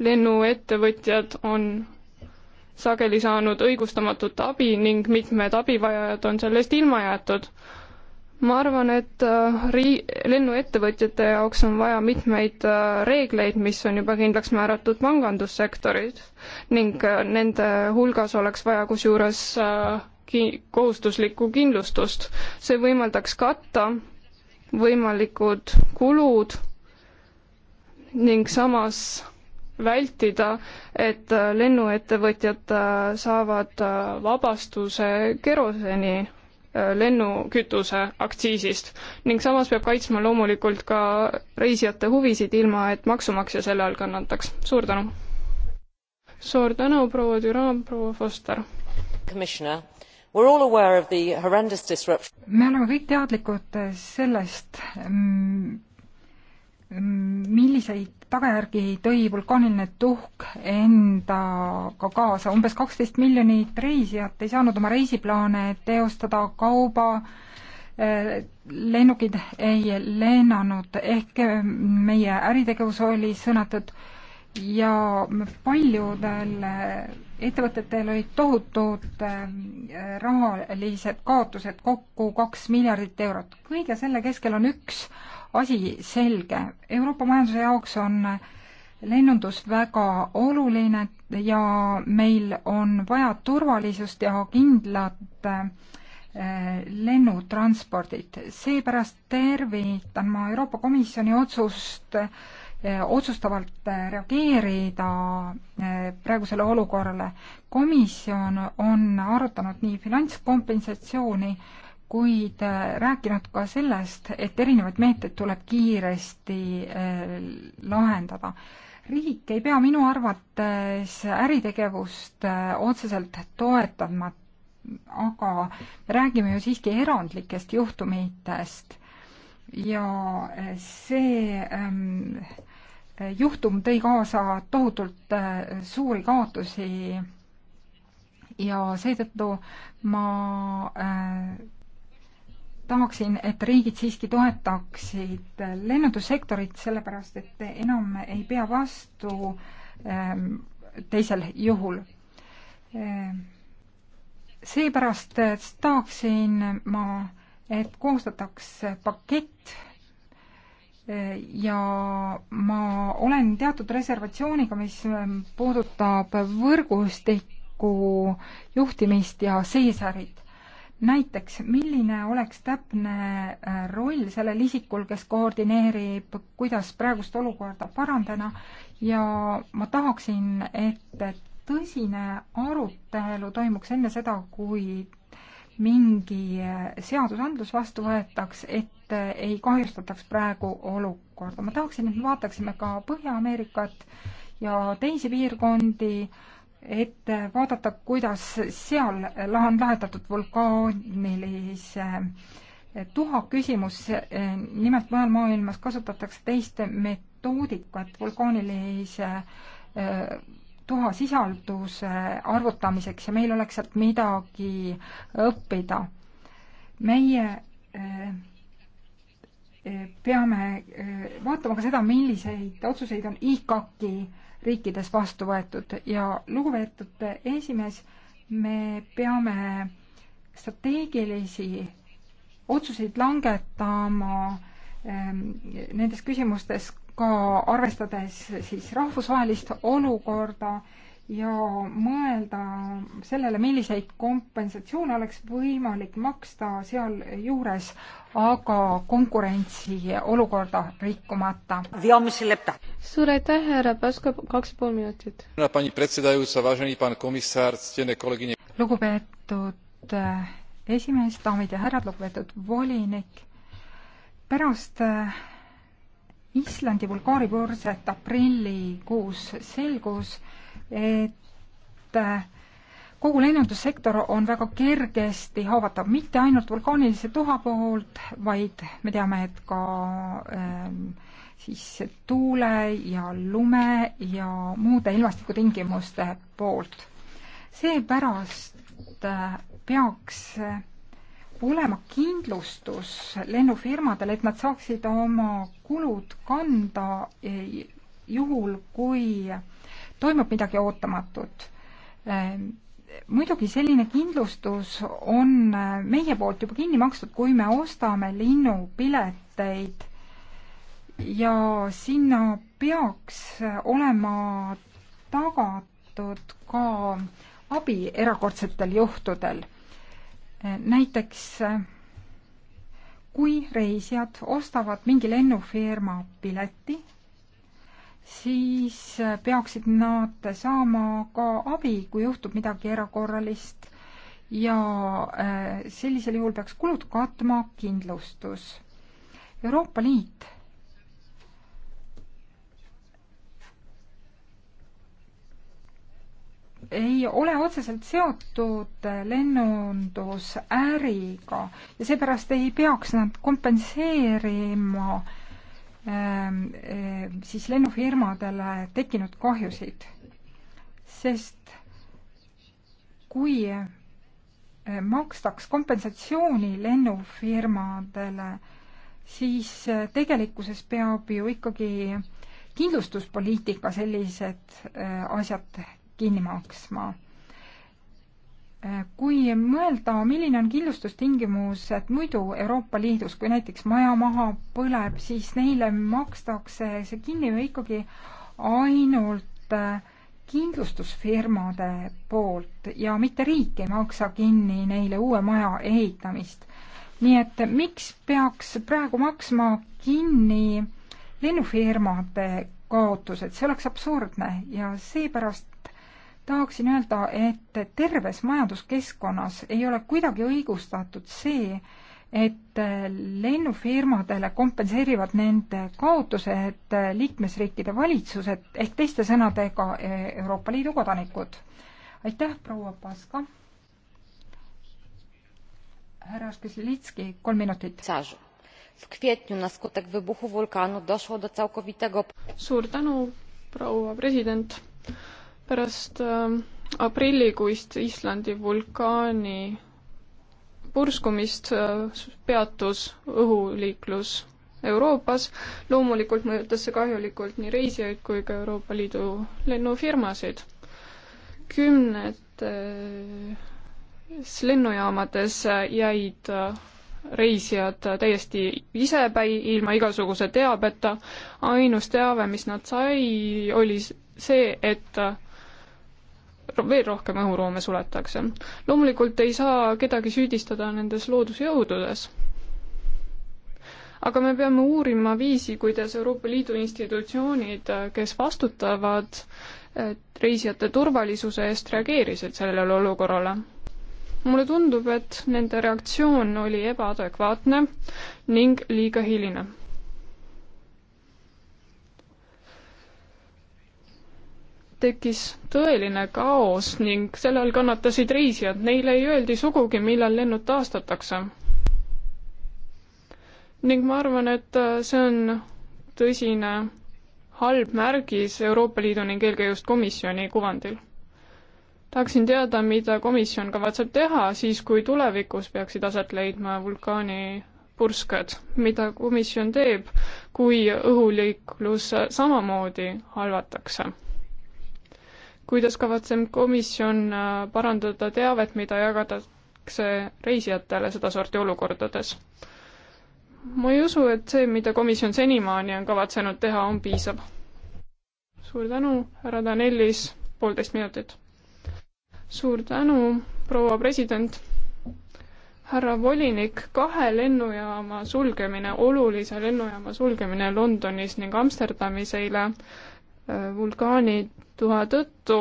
lennuettevõtjad on sageli saanud õigustamatut abi ning mitmed abivajajad on sellest ilma jäetud ma arvan, et äh, ri-, lennuettevõtjate jaoks on vaja mitmeid äh, reegleid, mis on juba kindlaks määratud pangandussektorid ning äh, nende hulgas oleks vaja kusjuures ki-, kohustuslikku kindlustust. see võimaldaks katta võimalikud kulud ning samas vältida, et lennuettevõtjad saavad vabastuse keroseni lennukütuse aktsiisist ning samas peab kaitsma loomulikult ka reisijate huvisid, ilma et maksumaksja selle all kannataks. suur tänu! suur tänu, proua Düran, proua Foster! me oleme kõik teadlikud sellest, milliseid tagajärgi tõi vulkaaniline tuhk endaga kaasa, umbes kaksteist miljonit reisijat ei saanud oma reisiplaane teostada, kauba eh, lennukid ei lennanud, ehk eh, meie äritegevus oli sõnatud ja paljudel ettevõtetel olid tohutud eh, rahalised kaotused, kokku kaks miljardit eurot. kõige selle keskel on üks asi selge. Euroopa majanduse jaoks on lennundus väga oluline ja meil on vaja turvalisust ja kindlat eh, lennutranspordit. seepärast tervitan ma Euroopa Komisjoni otsust eh, otsustavalt eh, reageerida praegusele olukorrale. komisjon on arutanud nii finantskompensatsiooni kuid äh, rääkinud ka sellest, et erinevaid meetmeid tuleb kiiresti äh, lahendada. riik ei pea minu arvates äritegevust äh, otseselt toetama, aga me räägime ju siiski erandlikest juhtumitest ja see ähm, juhtum tõi kaasa tohutult äh, suuri kaotusi ja seetõttu ma äh, tahaksin, et riigid siiski toetaksid lennundussektorit, sellepärast et enam ei pea vastu ähm, teisel juhul. Ähm, seepärast tahaksin ma, et koostataks pakett äh, ja ma olen teatud reservatsiooniga, mis ähm, puudutab võrgustiku juhtimist ja seisarit näiteks, milline oleks täpne äh, roll sellel isikul, kes koordineerib, kuidas praegust olukorda parandada ja ma tahaksin, et tõsine arutelu toimuks enne seda, kui mingi äh, seadusandlus vastu võetaks, et äh, ei kahjustataks praegu olukorda. ma tahaksin, et me vaataksime ka Põhja-Ameerikat ja teisi piirkondi äh, et vaadata, kuidas seal on lahendatud vulkaanilise tuha küsimus, nimelt mujal maailmas kasutatakse teist metoodikat vulkaanilise eh, tuha sisalduse arvutamiseks ja meil oleks sealt midagi õppida. meie eh, eh, peame vaatama ka seda, milliseid otsuseid on IKAK-i riikides vastu võetud ja lugupeetud esimees, me peame strateegilisi otsuseid langetama ähm, nendes küsimustes ka arvestades siis rahvusvahelist olukorda ja mõelda sellele, milliseid kompensatsioone oleks võimalik maksta sealjuures, aga konkurentsi olukorda rikkumata. suur aitäh, härra Pasko, kaks ja pool minutit. lugupeetud eh, esimees, daamid ja härrad, lugupeetud volinik, pärast eh, Islandi, Bulgaaria börsilt aprillikuus selgus, et äh, kogu lennundussektor on väga kergesti haavatav, mitte ainult vulkaanilise tuha poolt, vaid me teame, et ka ähm, siis tuule ja lume ja muude ilmastikutingimuste poolt. seepärast äh, peaks äh, olema kindlustus lennufirmadel, et nad saaksid oma kulud kanda juhul, kui äh, toimub midagi ootamatut. Ehm, muidugi selline kindlustus on äh, meie poolt juba kinni makstud, kui me ostame linnupileteid ja sinna peaks äh, olema tagatud ka abi erakordsetel juhtudel. Ehm, näiteks äh, kui reisijad ostavad mingi lennufirma pileti, siis äh, peaksid nad saama ka abi, kui juhtub midagi erakorralist ja äh, sellisel juhul peaks kulud katma kindlustus. Euroopa Liit ei ole otseselt seotud lennundusäriga ja seepärast ei peaks nad kompenseerima äh, Ähm, äh, siis lennufirmadele tekkinud kahjusid, sest kui äh, makstaks kompensatsiooni lennufirmadele, siis äh, tegelikkuses peab ju ikkagi kindlustuspoliitika sellised asjad kinni maksma Äh, kui mõelda, milline on kindlustustingimused muidu Euroopa Liidus, kui näiteks maja maha põleb, siis neile makstakse see kinni ju ikkagi ainult äh, kindlustusfirmade poolt ja mitte riik ei maksa kinni neile uue maja ehitamist. nii et miks peaks praegu maksma kinni lennufirmade kaotused, see oleks absurdne ja seepärast tahaksin öelda, et terves majanduskeskkonnas ei ole kuidagi õigustatud see, et lennufirmadele kompenseerivad nende kaotused liikmesriikide valitsused ehk teiste sõnadega e, Euroopa Liidu kodanikud. aitäh, proua Paska. härra Škeslitski, kolm minutit. W kwietniu na skutek wybuchu wulkanu doszło do całkowitego... Suur tänu, proua president pärast ähm, aprillikuist Islandi vulkaani purskumist äh, peatus õhuliiklus Euroopas. loomulikult mõjutas see kahjulikult nii reisijaid kui ka Euroopa Liidu lennufirmasid. kümnetes äh, lennujaamades jäid äh, reisijad täiesti isepäi, ilma igasuguse teabeta. ainus teave, mis nad sai, oli see, et veel rohkem õhuruume suletakse. loomulikult ei saa kedagi süüdistada nendes loodusjõududes. aga me peame uurima viisi, kuidas Euroopa Liidu institutsioonid, kes vastutavad reisijate turvalisuse eest, reageerisid sellele olukorrale. mulle tundub, et nende reaktsioon oli ebaadekvaatne ning liiga hiline tekkis tõeline kaos ning selle all kannatasid reisijad, neile ei öeldi sugugi, millal lennud taastatakse. ning ma arvan, et äh, see on tõsine halb märgis Euroopa Liidu ning eelkõige just komisjoni kuvandil. tahaksin teada, mida komisjon kavatseb teha siis, kui tulevikus peaksid aset leidma vulkaani pursked, mida komisjon teeb, kui õhuliiklus samamoodi halvatakse kuidas kavatseb komisjon äh, parandada teavet, mida jagatakse reisijatele sedasorti olukordades? ma ei usu, et see, mida komisjon senimaani on kavatsenud teha, on piisav. suur tänu, härra Danellis, poolteist minutit. suur tänu, proua president. härra volinik, kahe lennujaama sulgemine, olulise lennujaama sulgemine Londonis ning Amsterdamis eile äh, vulkaani tuha tõttu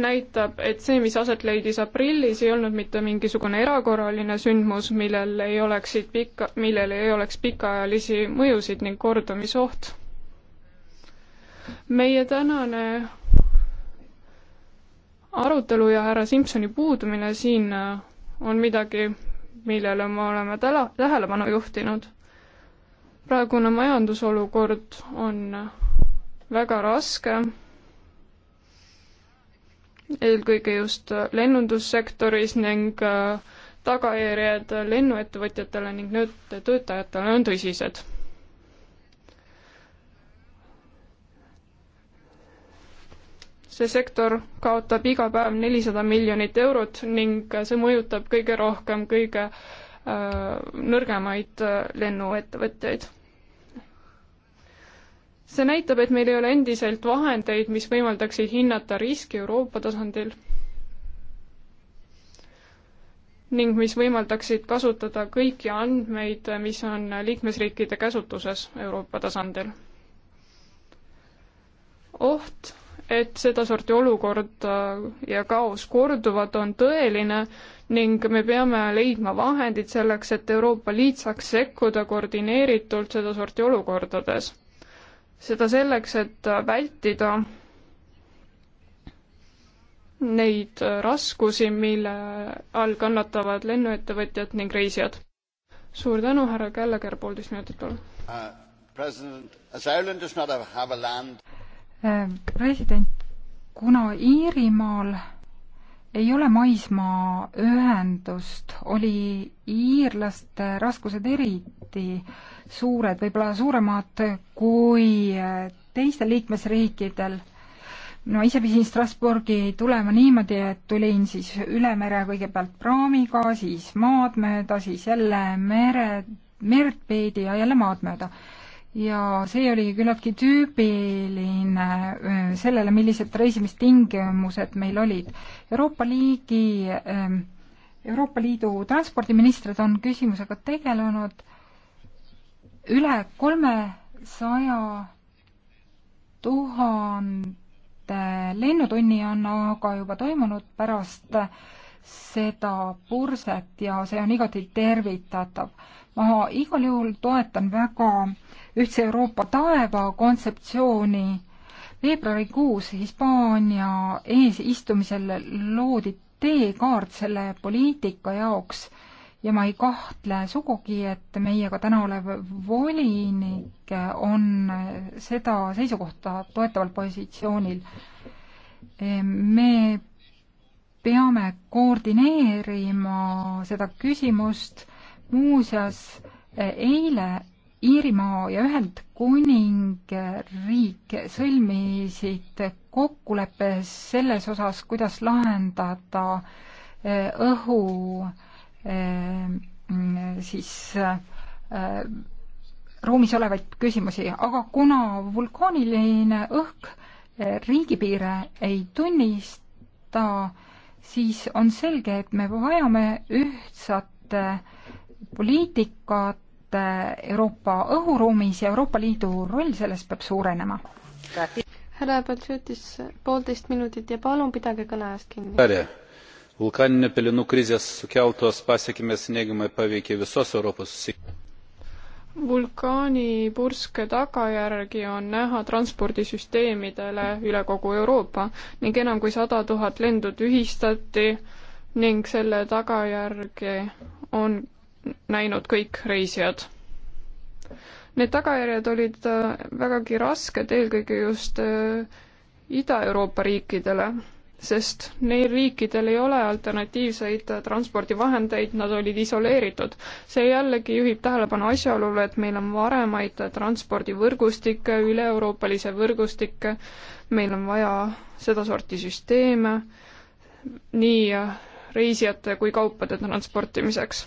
näitab, et see, mis aset leidis aprillis, ei olnud mitte mingisugune erakorraline sündmus, millel ei oleksid pika, millel ei oleks pikaajalisi mõjusid ning kordumisoht. meie tänane arutelu ja härra Simsoni puudumine siin on midagi, millele me oleme täla-, tähelepanu juhtinud. praegune majandusolukord on väga raske, eelkõige just lennundussektoris ning äh, tagajärjed lennuettevõtjatele ning töötajatele on tõsised see sektor kaotab iga päev nelisada miljonit eurot ning see mõjutab kõige rohkem kõige äh, nõrgemaid äh, lennuettevõtjaid see näitab, et meil ei ole endiselt vahendeid, mis võimaldaksid hinnata riski Euroopa tasandil ning mis võimaldaksid kasutada kõiki andmeid, mis on liikmesriikide käsutuses Euroopa tasandil. oht, et sedasorti olukord äh, ja kaos korduvad, on tõeline ning me peame leidma vahendid selleks, et Euroopa Liit saaks sekkuda koordineeritult sedasorti olukordades seda selleks, et vältida neid raskusi, mille all kannatavad lennuettevõtjad ning reisijad. suur tänu, härra Källeker, poolteist minutit, palun uh, uh,. president, kuna Iirimaal ei ole maismaaühendust, oli iirlaste raskused eriti suured, võib-olla suuremad kui äh, teistel liikmesriikidel. no ise pidin Strasbourgi tulema niimoodi, et tulin siis üle mere kõigepealt praamiga, siis maad mööda, siis jälle mere, merd peedi ja jälle maad mööda ja see oli küllaltki tüüpiline äh, sellele, millised reisimistingimused meil olid. Euroopa Liigi, ähm, Euroopa Liidu transpordiministrid on küsimusega tegelenud üle kolmesaja tuhande lennutunni on aga juba toimunud pärast seda purset ja see on igati tervitatav. ma igal juhul toetan väga Ühtse Euroopa taeva kontseptsiooni veebruarikuus Hispaania eesistumisel loodi teekaart selle poliitika jaoks ja ma ei kahtle sugugi, et meiega täna olev volinik on seda seisukohta toetaval positsioonil. me peame koordineerima seda küsimust, muuseas eile Iirimaa ja Ühendkuningriik sõlmisid kokkuleppe selles osas, kuidas lahendada õhu äh, Ehm, siis ehm, ruumis olevaid küsimusi, aga kuna vulkaaniline õhk eh, riigipiire ei tunnista, siis on selge, et me vajame ühtsat eh, poliitikat eh, Euroopa õhuruumis ja Euroopa Liidu roll selles peab suurenema. härra Baltšutis, poolteist minutit ja palun pidage kõne ajast kinni vulkaninių pelenų krizės sukeltos pasekmės neigiamai paveikė visos Europos vulkaanipurske tagajärgi on näha transpordisüsteemidele üle kogu Euroopa ning enam kui sada tuhat lendu tühistati ning selle tagajärgi on näinud kõik reisijad. Need tagajärjed olid äh, vägagi rasked, eelkõige just äh, Ida-Euroopa riikidele sest neil riikidel ei ole alternatiivseid transpordivahendeid, nad olid isoleeritud. see jällegi juhib tähelepanu asjaolule, et meil on varemaid transpordivõrgustikke, üle-euroopalisi võrgustikke, meil on vaja sedasorti süsteeme nii reisijate kui kaupade transportimiseks.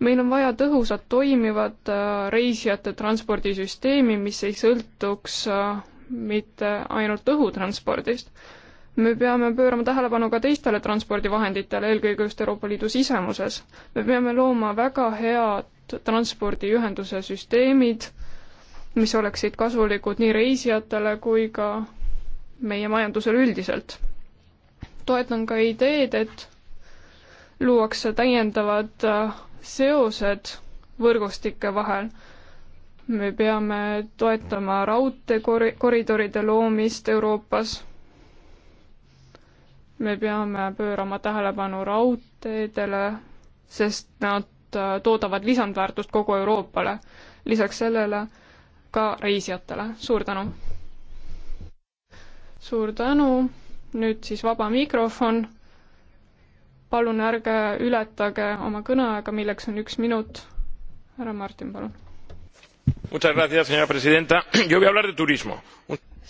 meil on vaja tõhusat toimivat äh, reisijate transpordisüsteemi, mis ei sõltuks äh, mitte ainult õhutranspordist me peame pöörama tähelepanu ka teistele transpordivahenditele, eelkõige just Euroopa Liidu sisemuses. me peame looma väga head transpordiühenduse süsteemid, mis oleksid kasulikud nii reisijatele kui ka meie majandusele üldiselt. toetan ka ideed, et luuakse täiendavad äh, seosed võrgustike vahel. me peame toetama raudteekoridoride loomist Euroopas me peame pöörama tähelepanu raudteedele, sest nad äh, toodavad lisandväärtust kogu Euroopale. lisaks sellele ka reisijatele. suur tänu! suur tänu, nüüd siis vaba mikrofon. palun ärge ületage oma kõneaega, milleks on üks minut. härra Martin, palun.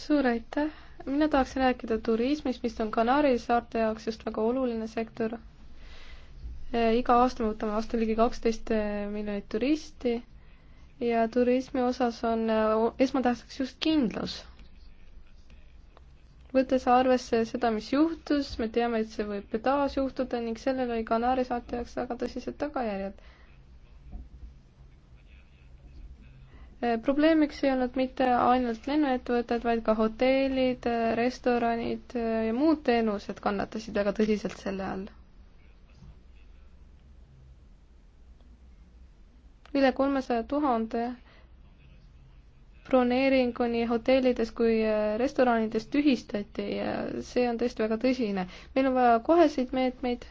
suur aitäh, mina tahaksin rääkida turismist, mis on Kanaari saarte jaoks just väga oluline sektor. E, iga aasta me võtame vastu ligi kaksteist e, miljonit turisti ja turismi osas on e, esmatähtsaks just kindlus. võttes arvesse seda, mis juhtus, me teame, et see võib taas juhtuda ning sellel oli Kanaari saarte jaoks väga tõsised tagajärjed Äh, probleemiks ei olnud mitte ainult lennuettevõtted, vaid ka hotellid, äh, restoranid äh, ja muud teenused kannatasid väga tõsiselt selle all. üle kolmesaja tuhande broneeringu nii hotellides kui restoranides tühistati ja see on tõesti väga tõsine. meil on vaja koheseid meetmeid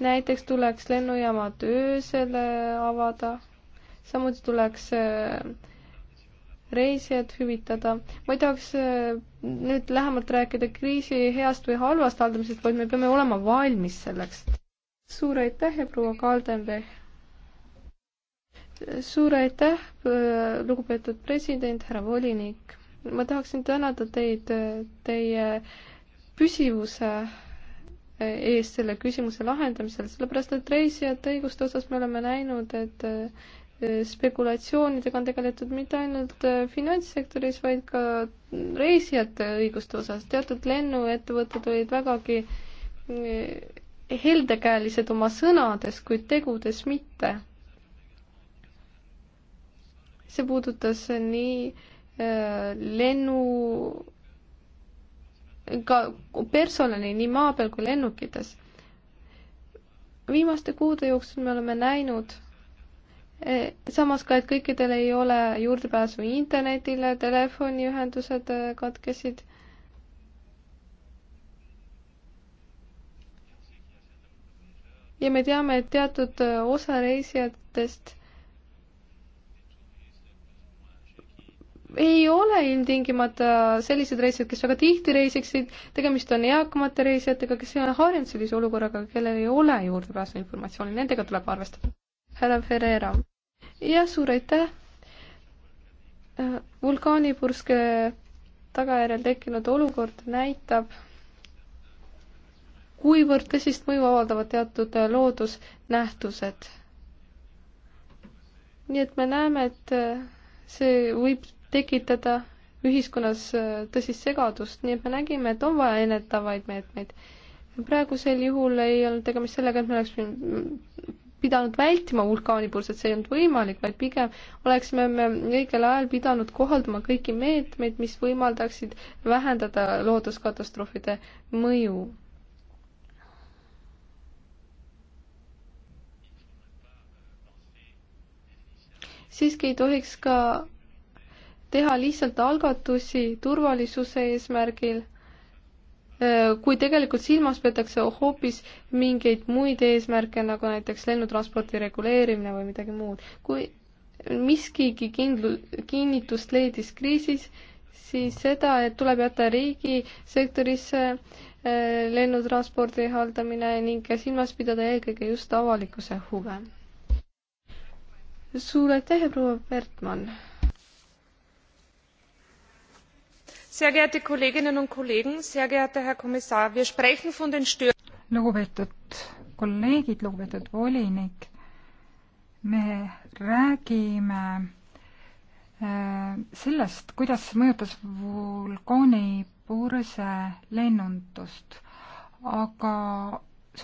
näiteks tuleks lennujaamad öösel avada, samuti tuleks äh, reisijad hüvitada. ma ei tahaks äh, nüüd lähemalt rääkida kriisi heast või halvast haldamisest, vaid me peame olema valmis selleks. suur aitäh ja proua Kaldenberg! suur aitäh, äh, lugupeetud president, härra volinik! ma tahaksin tänada teid teie püsivuse ees selle küsimuse lahendamisel, sellepärast et reisijate õiguste osas me oleme näinud, et äh, spekulatsioonidega on tegeletud mitte ainult äh, finantssektoris, vaid ka reisijate õiguste osas. teatud lennuettevõtted olid vägagi äh, heldekäelised oma sõnades, kuid tegudes mitte. see puudutas nii lennu ka personali nii maa peal kui lennukites. viimaste kuude jooksul me oleme näinud e, samas ka, et kõikidel ei ole juurdepääsu internetile, telefoniühendused e, katkesid. ja me teame, et teatud e, osa reisijatest ei ole ilmtingimata sellised reisijad, kes väga tihti reisiksid, tegemist on eakamate reisijatega, kes ei ole harjunud sellise olukorraga, kellel ei ole juurdepääsu informatsiooni, nendega tuleb arvestada. härra Ferreira. jah, suur aitäh. Äh, vulkaanipurske tagajärjel tekkinud olukord näitab, kuivõrd tõsist mõju avaldavad teatud äh, loodusnähtused. nii et me näeme, et äh, see võib tekitada ühiskonnas äh, tõsist segadust, nii et me nägime, et on vaja ennetavaid meetmeid. praegusel juhul ei olnud tegemist sellega, et me oleks pidanud vältima vulkaanipurset, see ei olnud võimalik, vaid pigem oleksime me õigel ajal pidanud kohaldama kõiki meetmeid, mis võimaldaksid vähendada looduskatastroofide mõju. siiski ei tohiks ka teha lihtsalt algatusi turvalisuse eesmärgil, äh, kui tegelikult silmas peetakse hoopis mingeid muid eesmärke, nagu näiteks lennutransporti reguleerimine või midagi muud. kui miskigi kindlu-, kinnitust leidis kriisis, siis seda, et tuleb jätta riigisektorisse äh, lennutranspordi haldamine ning silmas pidada eelkõige just avalikkuse huve. suur aitäh, proua Bertmann! sehr geehrte kolleginnen und kollegen sehr geehrter herr kommissar! wir sprechen von den lugupeetud kolleegid lugupeetud volinik me räägime äh, sellest kuidas mõjutas vulkaanipurse lennundust aga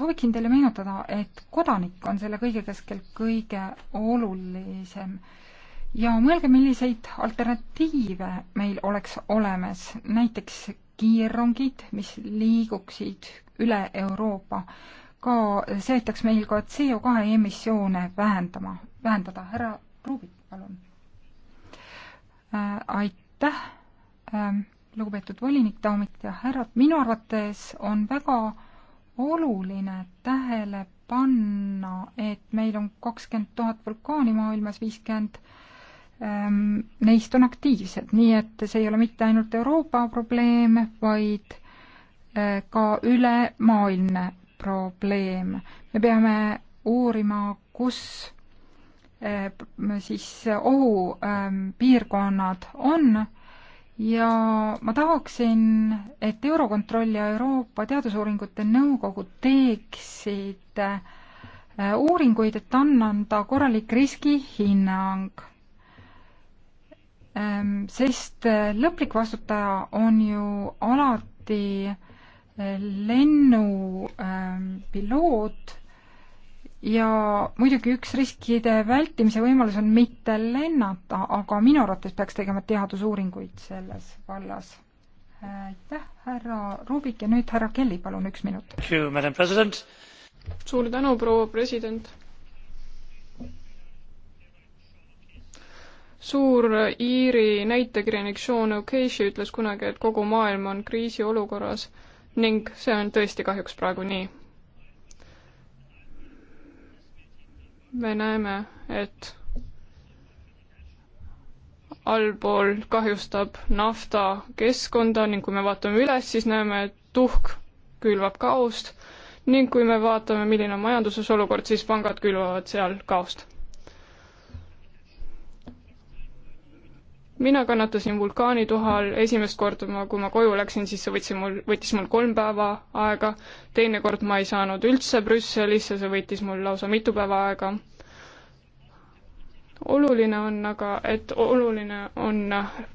sooviksin teile meenutada et kodanik on selle kõige keskel kõige olulisem ja mõelge, milliseid alternatiive meil oleks olemas, näiteks kiirrongid, mis liiguksid üle Euroopa, ka see aitaks meil ka CO2 emissioone vähendama, vähendada. härra Rubik, palun äh,. aitäh äh,, lugupeetud volinik, daamid ja härrad, minu arvates on väga oluline tähele panna, et meil on kakskümmend tuhat vulkaani maailmas, viiskümmend 50 Ehm, neist on aktiivsed, nii et see ei ole mitte ainult Euroopa probleem, vaid eh, ka ülemaailmne probleem. me peame uurima, kus eh, siis ohupiirkonnad ehm, on ja ma tahaksin, et Eurokontroll ja Euroopa Teadusuuringute Nõukogu teeksid eh, uuringuid, et anda korralik riskihinnang Ehm, sest eh, lõplik vastutaja on ju alati eh, lennupiloot ehm, ja muidugi üks riskide vältimise võimalus on mitte lennata, aga minu arvates peaks tegema teadusuuringuid selles vallas. aitäh, härra Rubik ja nüüd härra Kelly, palun üks minut. suur tänu, proua president suur Iiri näitekirjanik Sean O'Casey ütles kunagi, et kogu maailm on kriisiolukorras ning see on tõesti kahjuks praegu nii. me näeme, et allpool kahjustab nafta keskkonda ning kui me vaatame üles, siis näeme, et tuhk külvab kaost ning kui me vaatame, milline on majanduses olukord, siis pangad külvavad seal kaost mina kannatasin vulkaanituha all, esimest korda ma, kui ma koju läksin, siis see võtsin mul, võttis mul kolm päeva aega, teine kord ma ei saanud üldse Brüsselisse, see võttis mul lausa mitu päeva aega. oluline on aga, et oluline on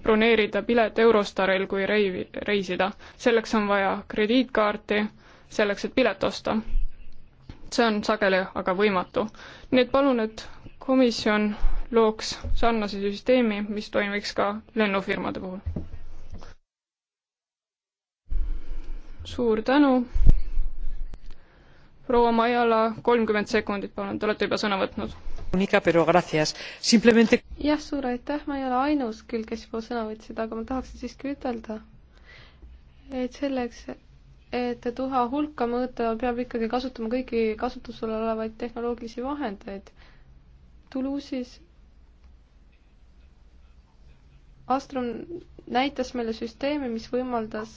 broneerida pilet Eurostaril, kui rei-, reisida. selleks on vaja krediitkaarti, selleks, et pilet osta. see on sageli aga võimatu. nii et palun, et komisjon looks sarnase süsteemi, mis toimiks ka lennufirmade puhul. suur tänu. proua Majala, kolmkümmend sekundit, palun, te olete juba sõna võtnud. jah, suur aitäh, ma ei ole ainus küll, kes juba sõna võtsid, aga ma tahaksin siiski ütelda, et selleks, et tuha hulka mõõta, peab ikkagi kasutama kõiki kasutusel olevaid tehnoloogilisi vahendeid. Toulouse'is Astrum näitas meile süsteemi, mis võimaldas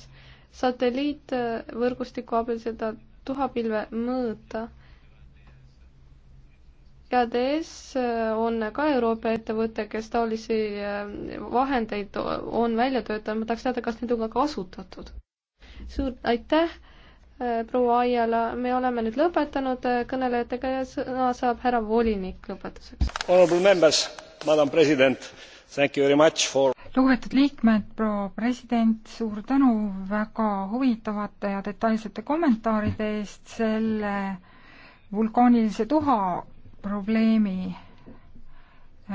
satelliitvõrgustiku abil seda tuhapilve mõõta. EADS on ka Euroopa ettevõte, kes taolisi äh, vahendeid on välja töötanud, ma tahaks teada, kas neid on ka kasutatud. suur aitäh, äh, proua Aiala, me oleme nüüd lõpetanud äh, kõnelejatega ja sõna saab härra volinik lõpetuseks. Honorable members, madam president, thank you very much for lugupeetud liikmed, proua president, suur tänu väga huvitavate ja detailsete kommentaaride eest selle vulkaanilise tuha probleemi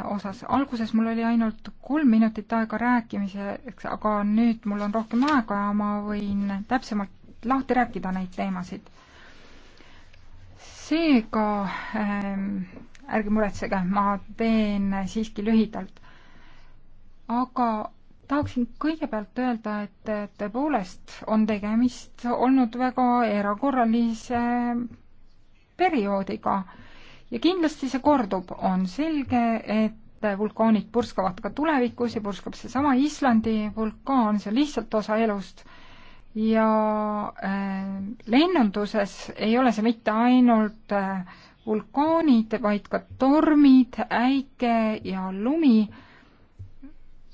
osas. alguses mul oli ainult kolm minutit aega rääkimiseks, aga nüüd mul on rohkem aega ja ma võin täpsemalt lahti rääkida neid teemasid. seega ähm, ärge muretsege, ma teen siiski lühidalt aga tahaksin kõigepealt öelda, et tõepoolest on tegemist olnud väga erakorralise perioodiga ja kindlasti see kordub, on selge, et vulkaanid purskavad ka tulevikus ja purskab seesama Islandi vulkaan, see on lihtsalt osa elust. ja äh, lennunduses ei ole see mitte ainult äh, vulkaanid, vaid ka tormid, äike ja lumi äh,,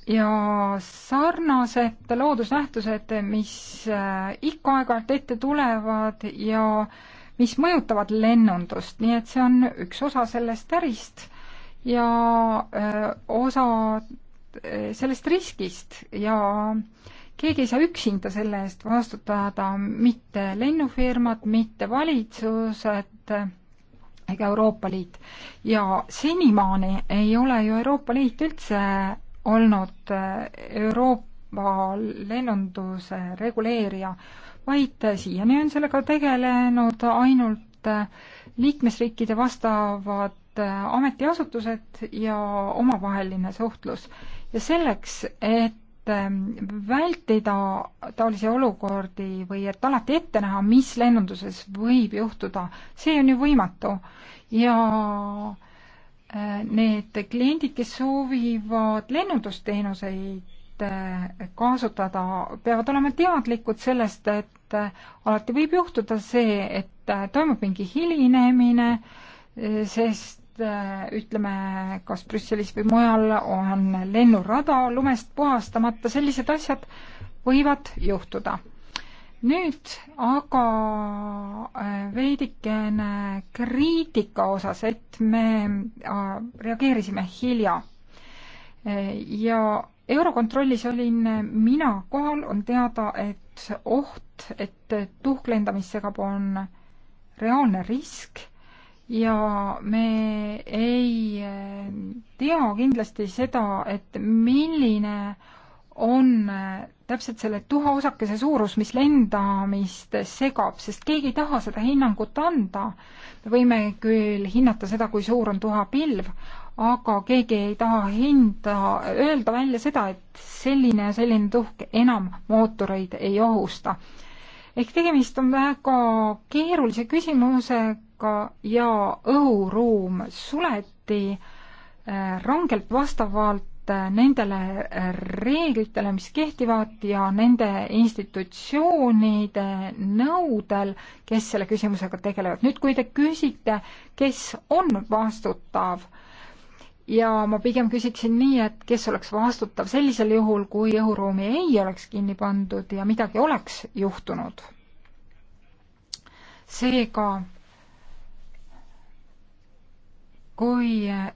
ja sarnased loodusnähtused, mis äh, ikka aeg-ajalt ette tulevad ja mis mõjutavad lennundust, nii et see on üks osa sellest ärist ja öö, äh, osa äh, sellest riskist ja keegi ei saa üksinda selle eest vastutada, mitte lennufirmad, mitte valitsused ega Euroopa Liit. ja senimaani ei ole ju Euroopa Liit üldse olnud äh, Euroopa lennunduse reguleerija, vaid äh, siiani on sellega tegelenud ainult äh, liikmesriikide vastavad ametiasutused ja omavaheline suhtlus. ja selleks, et ähm, vältida taolisi olukordi või et alati ette näha, mis lennunduses võib juhtuda, see on ju võimatu. ja need kliendid, kes soovivad lennundusteenuseid eh, kasutada, peavad olema teadlikud sellest, et eh, alati võib juhtuda see, et eh, toimub mingi hilinemine, sest ütleme, kas Brüsselis või mujal on lennurada lumest puhastamata, sellised asjad võivad juhtuda nüüd aga äh, veidikene kriitika osas, et me äh, reageerisime hilja. Äh, ja Eurokontrollis olin mina kohal, on teada, et oht, et tuhklendamist segab, on reaalne risk ja me ei tea kindlasti seda, et milline on äh, täpselt selle tuhaosakese suurus, mis lendamist segab, sest keegi ei taha seda hinnangut anda. me võime küll hinnata seda, kui suur on tuhapilv, aga keegi ei taha hinda, öelda välja seda, et selline ja selline tuhk enam mootoreid ei ohusta. ehk tegemist on väga keerulise küsimusega ja õhuruum suleti äh, rangelt vastavalt Äh, nendele äh, reeglitele, mis kehtivad ja nende institutsioonide nõudel, kes selle küsimusega tegelevad. nüüd, kui te küsite, kes on vastutav, ja ma pigem küsiksin nii, et kes oleks vastutav sellisel juhul, kui õhuruumi ei oleks kinni pandud ja midagi oleks juhtunud. seega kui eh,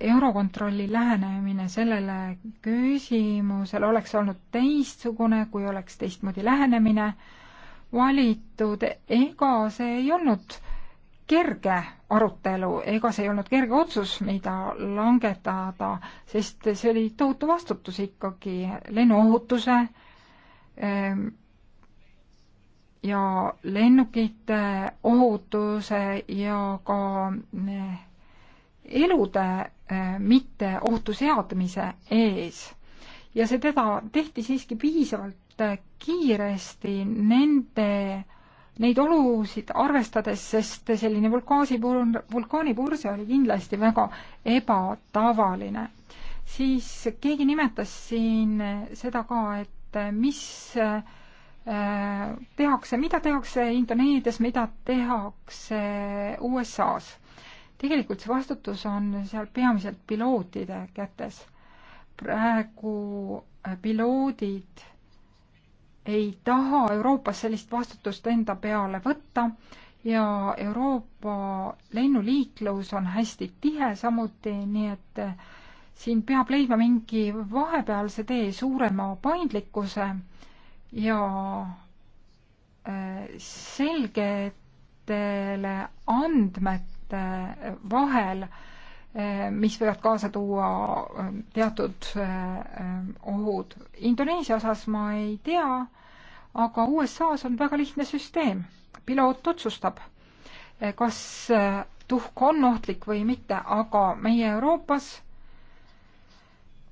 Eurokontrolli lähenemine sellele küsimusele oleks olnud teistsugune, kui oleks teistmoodi lähenemine valitud, ega see ei olnud kerge arutelu, ega see ei olnud kerge otsus, mida langetada, sest see oli tohutu vastutus ikkagi lennuohutuse ehm, ja lennukite ohutuse ja ka eh, elude äh, mitte ohtu seadmise ees. ja see teda tehti siiski piisavalt äh, kiiresti nende, neid olusid arvestades, sest selline vulkaasipur-, vulkaanipurse oli kindlasti väga ebatavaline. siis keegi nimetas siin seda ka, et äh, mis tehakse, mida tehakse Indoneedias, mida tehakse USA-s tegelikult see vastutus on seal peamiselt pilootide kätes. praegu äh, piloodid ei taha Euroopas sellist vastutust enda peale võtta ja Euroopa lennuliiklus on hästi tihe samuti, nii et äh, siin peab leidma mingi vahepealse tee suurema paindlikkuse ja äh, selgetele andmetele liikmesriikide vahel, eh, mis võivad kaasa tuua eh, teatud eh, ohud. Indoneesia osas ma ei tea, aga USA-s on väga lihtne süsteem. piloot otsustab, kas tuhk on ohtlik või mitte, aga meie Euroopas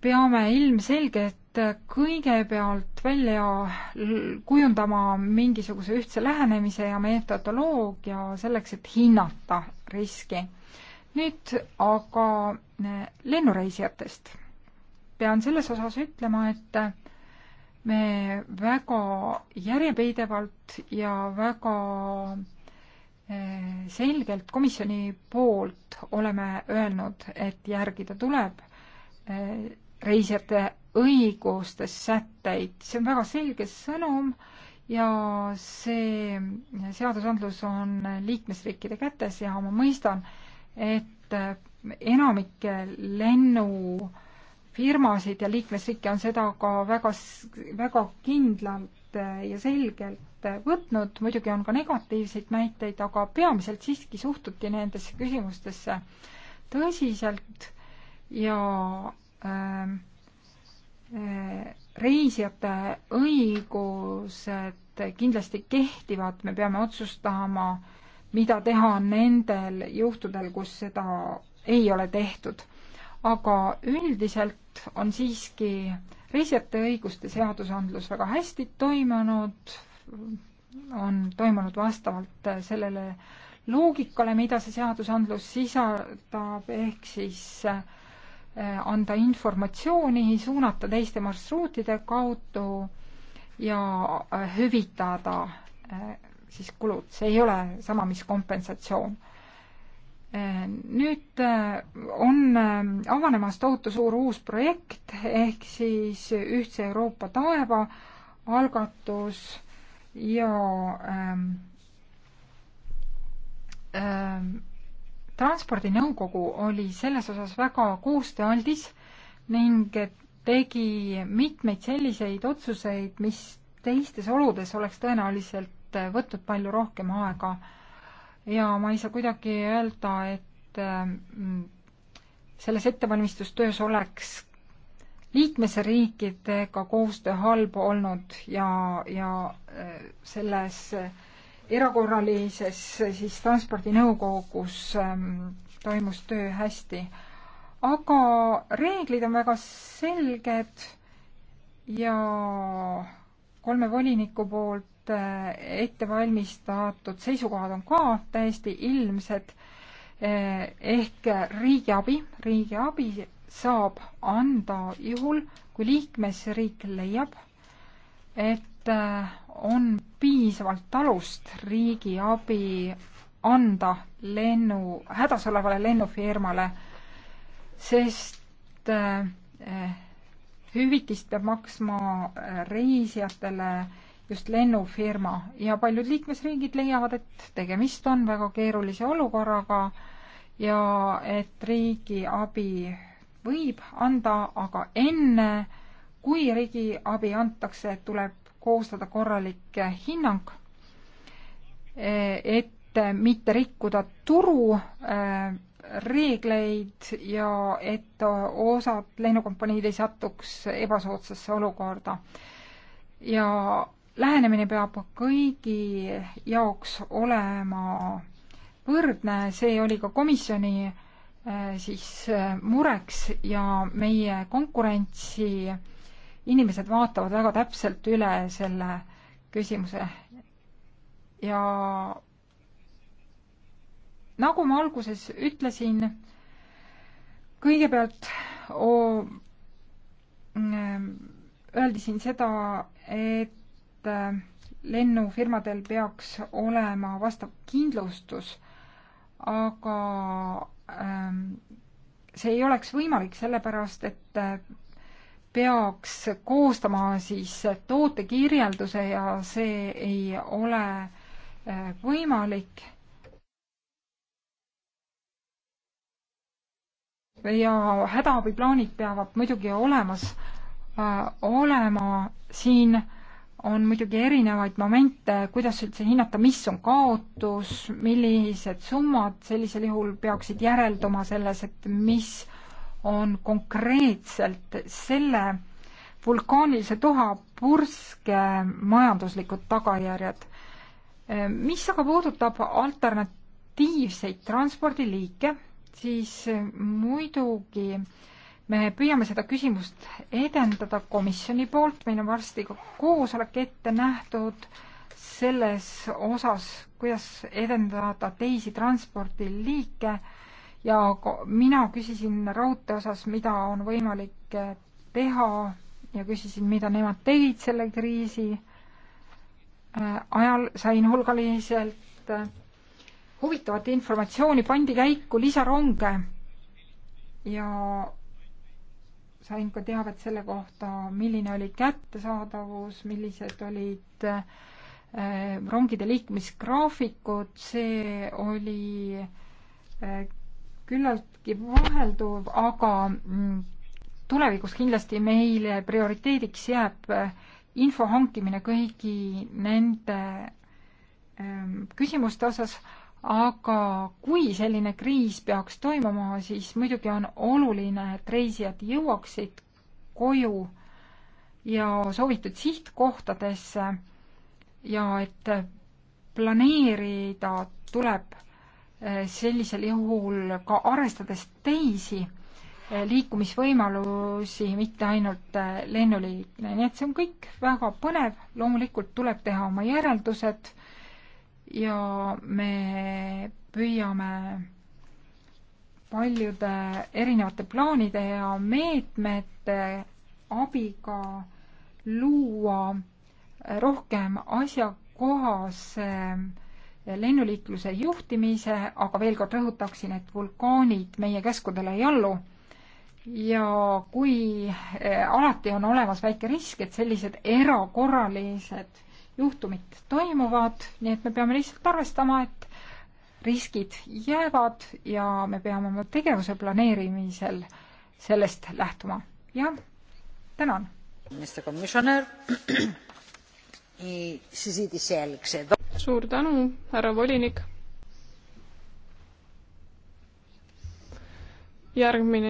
peame ilmselgelt kõigepealt välja kujundama mingisuguse ühtse lähenemise ja metodoloogia selleks, et hinnata riski. nüüd aga eh, lennureisijatest. pean selles osas ütlema, et me väga järjepeidevalt ja väga eh, selgelt komisjoni poolt oleme öelnud, et järgida tuleb eh, reisijate õigustes sätteid, see on väga selge sõnum ja see seadusandlus on liikmesriikide kätes ja ma mõistan, et enamike lennufirmasid ja liikmesriike on seda ka väga, väga kindlalt ja selgelt võtnud, muidugi on ka negatiivseid näiteid, aga peamiselt siiski suhtuti nendesse küsimustesse tõsiselt ja äh, reisijate õigused kindlasti kehtivad, me peame otsustama, mida teha nendel juhtudel, kus seda ei ole tehtud. aga üldiselt on siiski reisijate õiguste seadusandlus väga hästi toimunud, on toimunud vastavalt sellele loogikale, mida see seadusandlus sisaldab, ehk siis äh, Eh, anda informatsiooni, suunata teiste marsruutide kaudu ja eh, hüvitada eh, siis kulud, see ei ole sama, mis kompensatsioon. Nüüd on avanemas tohutu suur uus projekt, ehk siis Ühtse Euroopa taeva algatus ja ähm, ähm, transpordinõukogu oli selles osas väga koostööaldis ning tegi mitmeid selliseid otsuseid, mis teistes oludes oleks tõenäoliselt võtnud palju rohkem aega. ja ma ei saa kuidagi öelda, et mm, selles ettevalmistustöös oleks liikmesriikidega koostöö halb olnud ja, ja äh, selles erakorralises siis transpordinõukogus ähm, toimus töö hästi. aga reeglid on väga selged ja kolme voliniku poolt äh, ette valmistatud seisukohad on ka täiesti ilmsed eh,. ehk riigiabi, riigiabi saab anda juhul, kui liikmesriik leiab, et äh, on piisavalt alust riigiabi anda lennu, hädas olevale lennufirmale, sest äh, hüvitist peab maksma eh, reisijatele just lennufirma ja paljud liikmesriigid leiavad, et tegemist on väga keerulise olukorraga ja et riigiabi võib anda, aga enne kui riigiabi antakse, tuleb koostada korralik hinnang, eh, et mitte rikkuda turu eh, reegleid ja et osad lennukompaniid ei satuks ebasoodsasse olukorda. ja lähenemine peab kõigi jaoks olema võrdne, see oli ka komisjoni eh, siis mureks ja meie konkurentsi äh, inimesed vaatavad väga täpselt üle selle küsimuse ja nagu ma alguses ütlesin, kõigepealt oo, mm, öeldi siin seda, et äh, lennufirmadel peaks olema vastav kindlustus, aga ähm, see ei oleks võimalik, sellepärast et äh, peaks koostama siis tootekirjelduse ja see ei ole äh, võimalik. ja hädaabiplaanid peavad muidugi olemas äh, olema, siin on muidugi erinevaid momente, kuidas üldse hinnata, mis on kaotus, millised summad sellisel juhul peaksid järelduma selles, et mis on konkreetselt selle vulkaanilise tuha purske majanduslikud tagajärjed. mis aga puudutab alternatiivseid transpordiliike, siis muidugi me püüame seda küsimust edendada komisjoni poolt, meil on varsti ka koosolek ette nähtud selles osas, kuidas edendada teisi transpordiliike ja mina küsisin raudtee osas, mida on võimalik eh, teha ja küsisin, mida nemad tegid selle kriisi eh, ajal, sain hulgaliselt eh, huvitavat informatsiooni, pandi käiku lisaronge ja sain ka teavet selle kohta, milline oli kättesaadavus, millised olid rongide liikumisgraafikud, see oli küllaltki vahelduv, aga mm, tulevikus kindlasti meile prioriteediks jääb eh, info hankimine kõigi nende ehm, küsimuste osas, aga kui selline kriis peaks toimuma, siis muidugi on oluline, et reisijad jõuaksid koju ja soovitud sihtkohtadesse ja et planeerida tuleb Äh, sellisel juhul ka arvestades teisi äh, liikumisvõimalusi, mitte ainult äh, lennuliikle, nii et see on kõik väga põnev, loomulikult tuleb teha oma järeldused ja me püüame paljude erinevate plaanide ja meetmete abiga luua rohkem asjakohase äh, lennuliikluse juhtimise, aga veel kord rõhutaksin, et vulkaanid meie käskudele ei allu. ja kui alati on olemas väike risk, et sellised erakorralised juhtumid toimuvad, nii et me peame lihtsalt arvestama, et riskid jäävad ja me peame oma tegevuse planeerimisel sellest lähtuma. jah, tänan suur tänu, härra volinik. järgmine